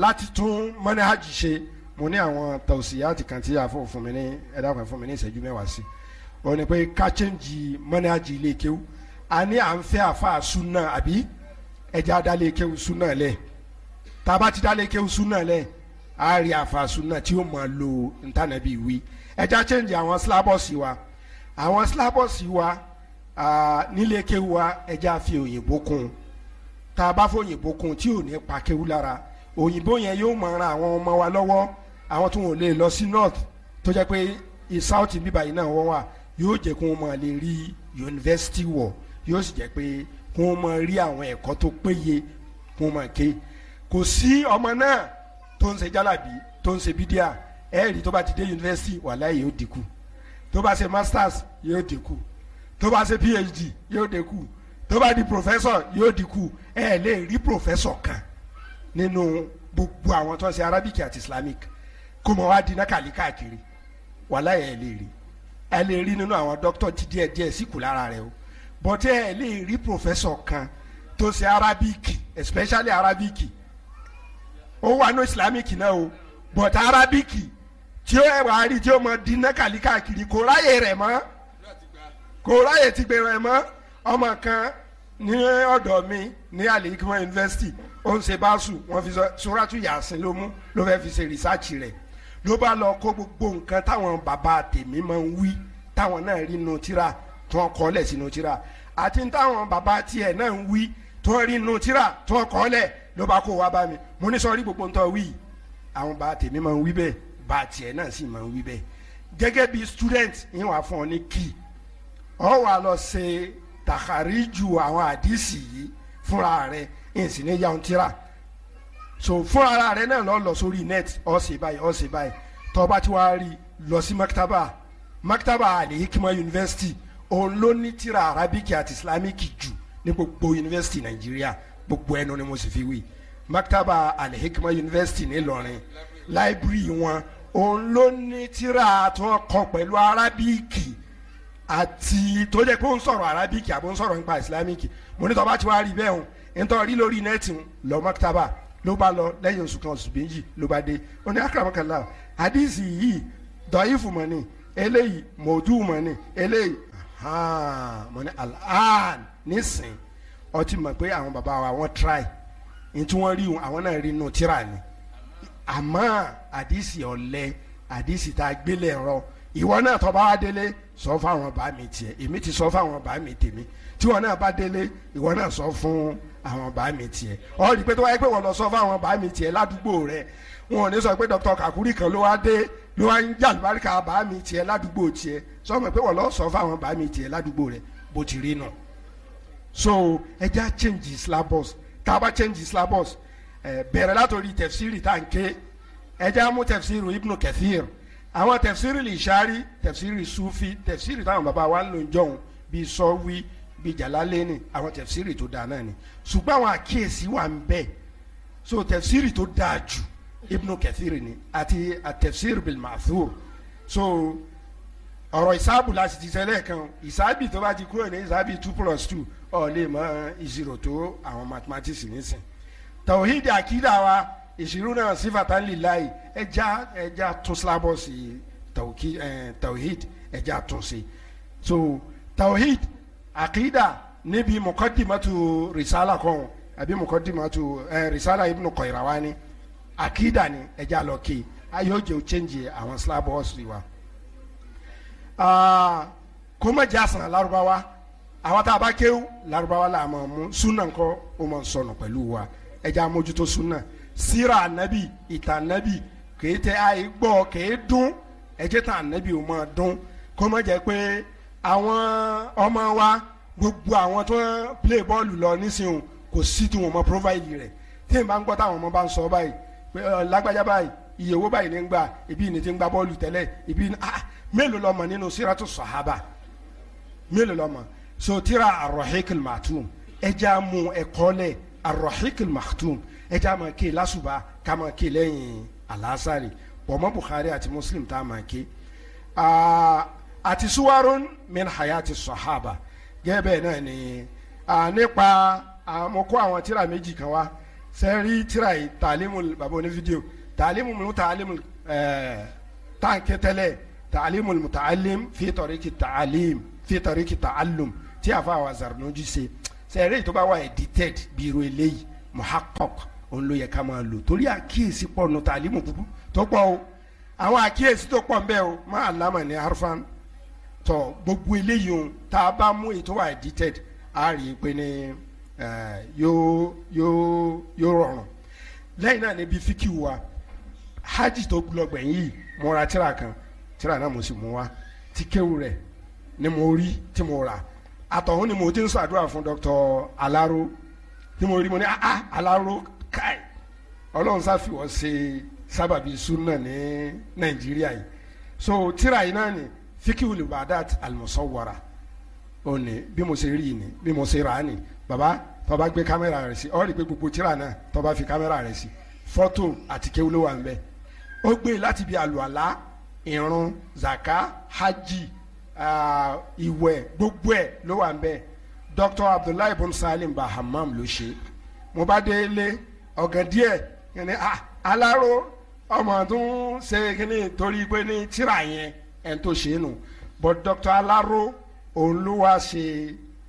láti tún manhaji ṣe mo ní àwọn tàùsíyàtì kan tí àfọ̀ fún mi ní ẹ̀dá kan fún mi ní ìṣẹ́jú mẹ́wàá sí òun ni pé ká chẹ́ǹjì manhaji ilé kéwú a ní à ń fẹ́ àfa sunna àbí ẹja adálé kéwú sunna lẹ́ẹ̀ Taba ti dálé kéwù súnà lẹ a rí àfa súnà tí ó máa lo ntànàbí wí ẹja change àwọn sílábọ̀sì wa àwọn sílábọ̀sì wa nílé kéwù wa ẹja fi òyìnbó kún tàbá fòyìnbó kún tí ò ní pa kéwù lára òyìnbó yẹn yóò máa ran àwọn ọmọ wa lọ́wọ́ àwọn tó wọn lè lọ sí north tó jẹ́ pé south bíbá yìí náà wọ́n wà yóò jẹ́ kó máa lè rí yunifásitì wọ̀ yóò sì jẹ́ pé kó máa rí àwọn ẹ̀kọ́ tó péye kó máa ké kò sí ọmọ náà tó ń ṣe jálàbí tó ń ṣe bídíà ẹ rí tó bá ti dé yunifásitì wàláyé yóò dínkù tó bá ṣe masters yóò dínkù tó bá ṣe phd yóò dínkù tó bá di professor yóò dínkù ẹ lè rí professor kan nínú gbogbo àwọn tó ń ṣe arabic àti islamic kó mọ wá di náà kàlí káàkiri wàláyé ẹ lè rí ẹ lè rí nínú àwọn doctor ti díẹ̀ díẹ̀ síkù lára rẹ o bọ́tẹ́ ẹ lè rí professor kan tó ṣe arabic especially arabic ó wà ní islamic náà o but arabic tí ó ẹwà rí tí ó mọ dínà kàlíkàkiri kò ráyè rẹ̀ mọ́ kò ráyè ti gbé rẹ̀ mọ́ ọmọ kan ní ọ̀dọ̀ mi ní alikima university ó ń ṣe báṣu wọ́n fi suratu yasin ló mú ló fẹ́ fi ṣe rìsáàcì rẹ̀ ló bá lọ kó gbogbo nǹkan táwọn bàbá tèmi máa ń wí táwọn náà rí nu tíra tí wọ́n kọ́ lẹ̀ sínú tíra àti táwọn bàbá tiẹ̀ náà ń wí tí wọ́n rí nu tíra tí wọ́n kọ́ lẹ̀ ló bá kó wa bá mi mo ní sọrí gbogbo ntọ́ wí àwọn bá tèmi máa ń wí bẹ́ẹ̀ bá tiẹ̀ náà sì máa ń wí bẹ́ẹ̀ gẹ́gẹ́ bí student yín wàá fún ọ ní kí ọ wà lọ ṣe tàkàríjù àwọn àdìsí yìí fúnra rẹ ìsìn ní yahoo tíra so fúnra rẹ náà lọ lọ sórí net ọ sì báyìí ọ sì báyìí tó bá ti rí lọ sí maktaba maktaba alihikima university òun ló ní tíra arabic àti islamic jù ní gbogbo university nàìjíríà gbogbo ẹnu ni mo sì fi wí maktaba alihikima university nìlọrin library wọn òun ló ní tíra tí wọn kọ pẹ̀lú arábíkì àti tó jẹ́ pé ó ń sọ̀rọ̀ arábíkì àbó ń sọ̀rọ̀ nípa islamiki mo ní tọ́ba tí wàá rí bẹ́ẹ̀ hùn nítorí lórí nẹ́ẹ̀tì lọ maktaba ló bá lọ lẹ́yìn oṣù kan oṣù méjì ló bá dé ó ní akaramakala àdìsí yìí dọ̀yìfù mọ̀ ni eléyìí mọ̀ọ́dù mọ̀ ni eléyìí mọ̀ ni alhan nísìn ọ ti mọ̀ pé àwọn bàbá wa wọ́n try ní tí wọ́n rí àwọn náà rí inú tíra ni àmọ́ àdìsí ọ̀lẹ́ àdìsí tá a gbélé ẹ̀rọ ìwọ náà tó bá wá délé sọ fáwọn bá mi tiẹ̀ èmi ti sọ fáwọn bá mi tèmi tí wọn náà bá délé ìwọ náà sọ fún àwọn bá mi tiẹ̀ ọ rí i pé tó wáyé pé wọ́n lọ sọ fáwọn bá mi tiẹ̀ ládùúgbò rẹ wọn ò ní sọ pé dr kakuri kan ló wá dé ló wá ń jà lùbáríkà bá mi tiẹ̀ ládùúgbò tiẹ̀ sọ ma pé wọ́n lọ sọ fáwọn bá mi tiẹ̀ ládùúgbò rẹ bó ti rí náà so ẹ já change syllabus tá a bá change syllabus ẹ bẹ̀rẹ̀ látòrí tẹ̀fsírì tá n ké ẹ já mú tẹ̀fsírì Ibn Kathir àwọn tẹ̀fsírì lìṣáárì tẹ̀fsírì sufi tẹ̀fsírì táwọn bàbá wa ń lò ń jọ̀hún bíi sọ́wí bíi jàlálẹ́ni àwọn tẹ̀fsírì tó dáa náà ni ṣùgbọ́n àwọn àkíyèsí wà ń bẹ so tẹ̀fsírì tó dáa jù Ibn Kathir ni àti àtẹ̀fsírì bil ma'thur so ọ̀rọ̀ ìsáàbù la sì ti sẹ́lẹ̀ kan ìsáàbì tó bá ti kúrò ní ìsáàbì two plus two ọ̀ lè mọ ìṣirò tó àwọn mathematics nísìn tawhid akida wa ìṣirò náà sífàtà lillahi ẹja ẹja tún sílábọ̀sì tawhid ẹja tún sí so tawhid akida níbi muqaddimatu risala kan àbí muqaddimatu risala ibn Qayrawani akida ni ẹja lọ kí ayọ̀jẹ̀ ò change àwọn sílábọ̀sì wa. Ah, kó má jẹ́ àsàn lárúbáwá àwọn tá a bá kéwú lárúbáwá là máa mú súnà ńkọ́ ó máa ń sọnù pẹ̀lú wa ẹ jẹ́ àmójútó súnà síra ànábì ìtàn ànábì kèé tẹ àyè gbọ́ kèé dún ẹ jẹ́ tàn ó máa dún kó pé àwọn ọmọ wa gbogbo àwọn tó ń play ball lọ nísìnyìí kò sí tí wọn mọ provide rẹ̀ tí n bá ń gbọ́ táwọn ọmọ bá ń sọ báyìí pé lágbájá báyìí ìyẹ̀wò báyìí ní ń gbà ibi ìní ti ń gba bọ́ọ̀lù tẹ́lẹ̀ ibi ìní ah mélòó lọ́mọ nínú síratu sahaba mélòó lọ́mọ so tírà arrohikil matum ẹja mu ẹkọlẹ arrohikil matum ẹja ma ké lásùbà ká ma ké lẹ́yìn alásàrì bọ̀mọ́ Bukhari àti Muslim tá a ma ké àti suwarun min hayati sahaba gẹ́gẹ́ náà ni nípa àmọ́kọ́ àwọn tírà méjì kan wá sẹ́rí tírà yìí tàlímù bàbá oní fídíò tàlímù mú tàlímù táǹkì tẹ́lẹ̀ ta'alimul muta'allim fi tariki ta'alim fi tariki ta'allum tí a fa àwọn Zarnuji ṣe sẹ́yìn tó bá wà edited bí irú eléyìí muhakkok òun ló yẹ ká máa lò torí àkíyèsí pọ̀ nù ta'alimu púpọ̀ tó pọ̀ o àwọn àkíyèsí tó pọ̀ nbẹ́ o má àlámà ní harfan tó gbogbo eléyìí o tá a bá mú ètò wà edited a rí i pé ní yóò yóò yóò rọrùn lẹ́yìn náà níbi fíkì wa hajj tó lọ gbẹ̀yìn yìí tíra kan tíra náà mo sì mú wa tí kéwù rẹ̀ ni mo rí tí mo rà àtọ̀hún ni mo ti ń sọ fún Dr. Alaro tí mo rí mo ní ah ah Alaro kai ọlọ́run sáfìwọ́ ṣe sábàbí sunna ní Nàìjíríà yìí so tíra yìí náà ni fikihu libadat almusawwara ó ní bí mo ṣe rí yìí ni bí mo ṣe rà á ni baba tọba gbé kámẹ́rà rẹ̀ sí ọ́ rí i pé gbogbo tíra náà tọba fi kámẹ́rà rẹ̀ sí fọ́tò àti kéwúlò wà ń bẹ ó gbé láti bí àlùalá irun zaka hajj ìwẹ̀ gbogbo ẹ̀ ló wà ń Dr Abdullahi ibn Salim ba hammam ló ṣe mo bá dé ilé ọ̀gàn díẹ̀ ẹni aláró ọmọ tó ń ṣe kíní torí pé ní tíra yẹn ẹni tó ṣe nù but Dr aláró òun ló wá ṣe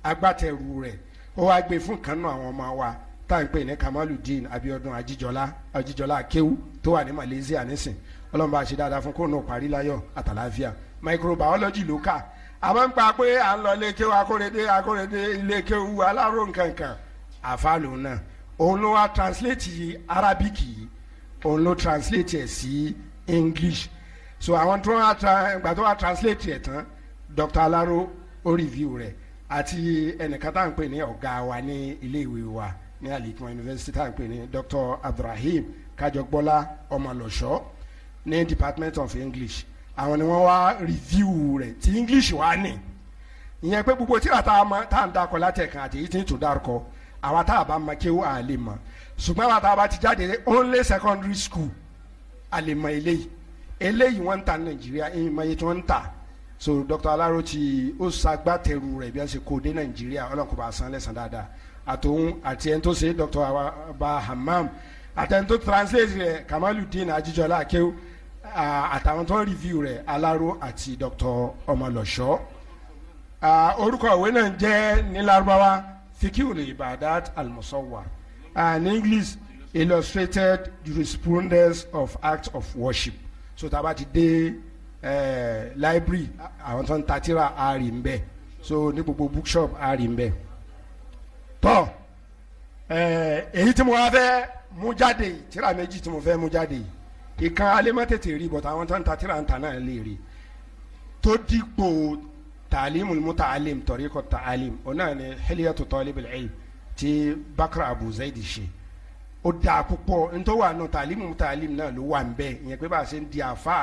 agbátẹrù rẹ̀ ó wá gbé fún kanú àwọn ọmọ wa tá à ní Kamaludin Abiodun Ajijọla Ajijọla akéwù tó wà ní Malaysia nísìn ọlọ́run bá ṣe dáadáa fún kóònù parí láyọ̀ àtàlàáfíà microbiology ló kà àmọ́ ń pa pé à ń lọ ilé kéwu akóredé akóredé ilé kéwu aláró nkankan àfa lòun náà òun ló wá translate yìí arabic yìí òun ló translate ẹ̀ sí english so àwọn tó wá gbà tó wá translate ẹ̀ tán dr aláró ó review rẹ̀ àti ẹnìkan tá à ń pè ní ọ̀gá wa ní ilé ìwé wa ní al university tá à ń pè ní dr abdulrahim kájọgbọ́lá ọmọlọ́ṣọ́ ní department of English àwọn ni wọ́n wá review rẹ̀ tí English wá ní ìyẹn pé gbogbo tíra tá a mọ tá a ń dakọ látẹ̀kan àti èyí tí ń tún darúkọ àwa tá a bá mọ kí ó à lè mọ ṣùgbọ́n àwa tá a bá ti jáde only secondary school a lè mọ eléyìí eléyìí wọ́n ń ta Nàìjíríà ìmọ̀ iye tí wọ́n ń ta so Dr. Alaro ti ó ṣagbátẹrù rẹ̀ bí wọ́n ṣe kó dé Nàìjíríà ọlọ́nkọ́ bá san lẹ́sàn dáadáa àtòun àti ẹni tó ṣe Dr. Abba Hammam àtẹni tó translate rẹ̀ Kamaludin Ajijola akéwò àtàwọn tó ń review rẹ̀ Aláró àti Dr. Ọmọlọ́ṣọ́ orúkọ ìwé náà jẹ́ ní Lárúbáwá fikiul ibadat al in English illustrated jurisprudence of acts of worship so tá a bá ti dé library àwọn tó ń ta a rí ń bẹ so ní gbogbo bookshop a rí ń bẹ tọ èyí tí mo wá fẹ́ mú jáde tírà méjì tí mo fẹ́ mú jáde yìí ìkan alẹ́ má tètè rí bọ̀tà àwọn tó ń ta tíra ń ta náà lè rí tó dípò taalimul mutaalim tariqo taalim ọ̀nà ni hilyatu talibil ilm ti bakra abu zaidi ṣe ó dáa púpọ̀ nítorí wà nù taalimul mutaalim náà ló wà ń bẹ̀ ìyẹn pé bá a ṣe ń di àfa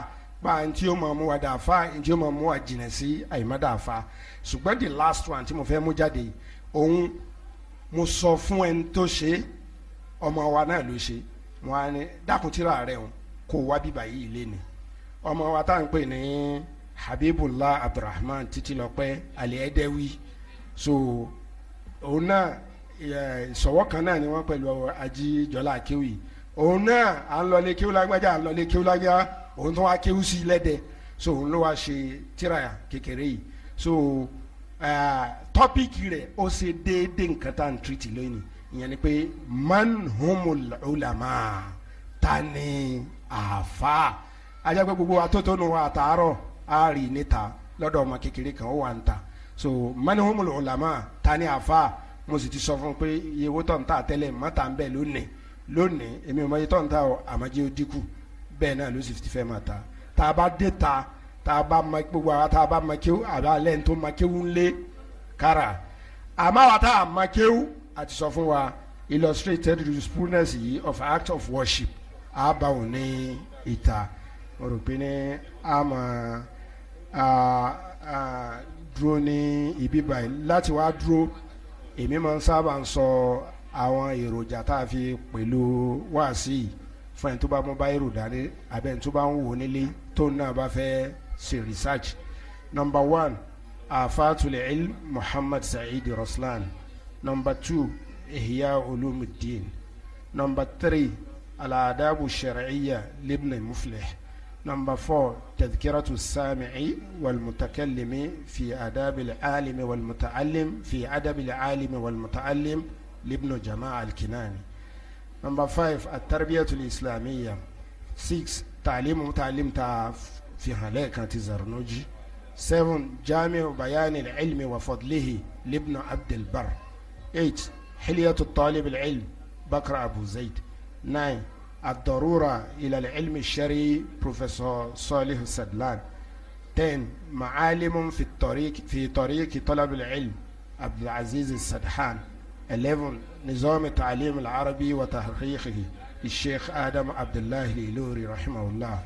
bá a ntí ó máa mú wa dàáfà ntí ó máa mú wa jìnà sí àyìnbá dàáfà ṣùgbọ́n the last one tí mo fẹ́ mú jáde òun mo sọ fún ẹni tó ṣe ọmọ wa náà ló ṣe mo á ní dákun tíra rẹ̀ òun kó wá bíbá yìí lé ni ọmọ wa tá à ń pè ní Habibullah Abdulrahman títí lọpẹ alẹ ẹdẹwì so òun náà ìsọwọ́ kan náà ni wọ́n pẹ̀lú ají jọlá akéwì òun náà à ń lọlé kéwù lágbájá à ń lọlé kéwù lágbájá òun tó wá kéwù sí lẹ́dẹ̀ so òun ló wá ṣe tíra kékeré yìí so tọ́píìkì rẹ̀ ó ṣe déédéé nǹkan tá à ń tìrìtì lónìí ìyẹn ni pé man humul ulama ta ni àáfàá ajá pé gbogbo atótónu àtàárọ̀ á rí níta lọ́dọ̀ ọmọ kékeré kan ó wà níta so manihumul ulama ta ni àáfàá mo sì ti sọ fún un pé iye owó tó ń ta tẹ́lẹ̀ mọ́ta ń bẹ̀ lónìí lónìí èmi ò mọ iye tó ń ta ọ àmọ́jẹ́ ó dínkù bẹ́ẹ̀ náà ló sì ti fẹ́ máa ta tá a bá dé ta tá a bá ma gbogbo àwa tá a bá ma kéwú àbá lẹ́yìn tó ma kéwú ń lé kára àmọ́ àwa tá a ma kéwú àti sọ fún wa illustrated usefulness yìí of act of worship á bá òun ní ìta mo rò pé ní a máa dúró ní ibi báyìí láti wá dúró èmi máa ń sábà ń sọ àwọn èròjà tá a fi pẹ̀lú wáàsí fún ẹni tó bá mú báyìí rò dání àbẹ́ni tó bá ń wò nílé tóun náà bá fẹ́ ṣe research number one afatul ilm muhammad sa'id Roslan. number two ihya ulumuddin number three الآداب الشرعية لابن مفلح نمبر 4 تذكرة السامع والمتكلم في آداب العالم والمتعلم في أدب العالم والمتعلم لابن جماعة الكناني نمبر 5 التربية الإسلامية 6 تعليم متعلم تعاف في هلاك تزرنوجي 7 جامع بيان العلم وفضله لابن عبد البر 8 حلية الطالب العلم بكر أبو زيد 9 الضرورة إلى العلم الشرعي بروفيسور صالح سدلان 10 معالم في الطريق في طريق طلب العلم عبد العزيز السدحان 11 نظام التعليم العربي وتحقيقه الشيخ آدم عبد الله الإلوري رحمه الله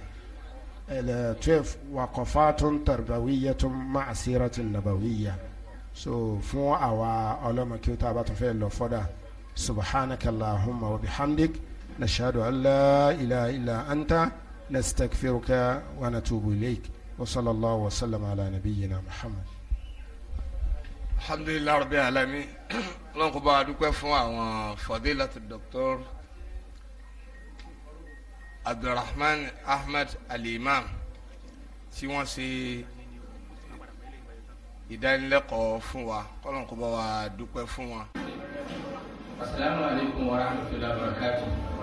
12 وقفات تربوية مع سيرة النبوية so for our ọlọ́mọ kí ó tá a bá tún fọ́dà subhanakallahumma wa bihamdik. نشهد أن لا إله إلا أنت نستغفرك ونتوب إليك وصلى الله وسلم على نبينا محمد alhamdulilayi rabi alami wọn kò bá a dúpẹ́ fún àwọn fadilatu doctor abdulrahman ahmed alimam tí wọ́n ṣe ìdánilẹ́kọ̀ọ́ fún wa kọ́lọ́n kò bá wa dúpẹ́ fún wa. asalaamualeykum wa rahmatulahi wa barakatuh.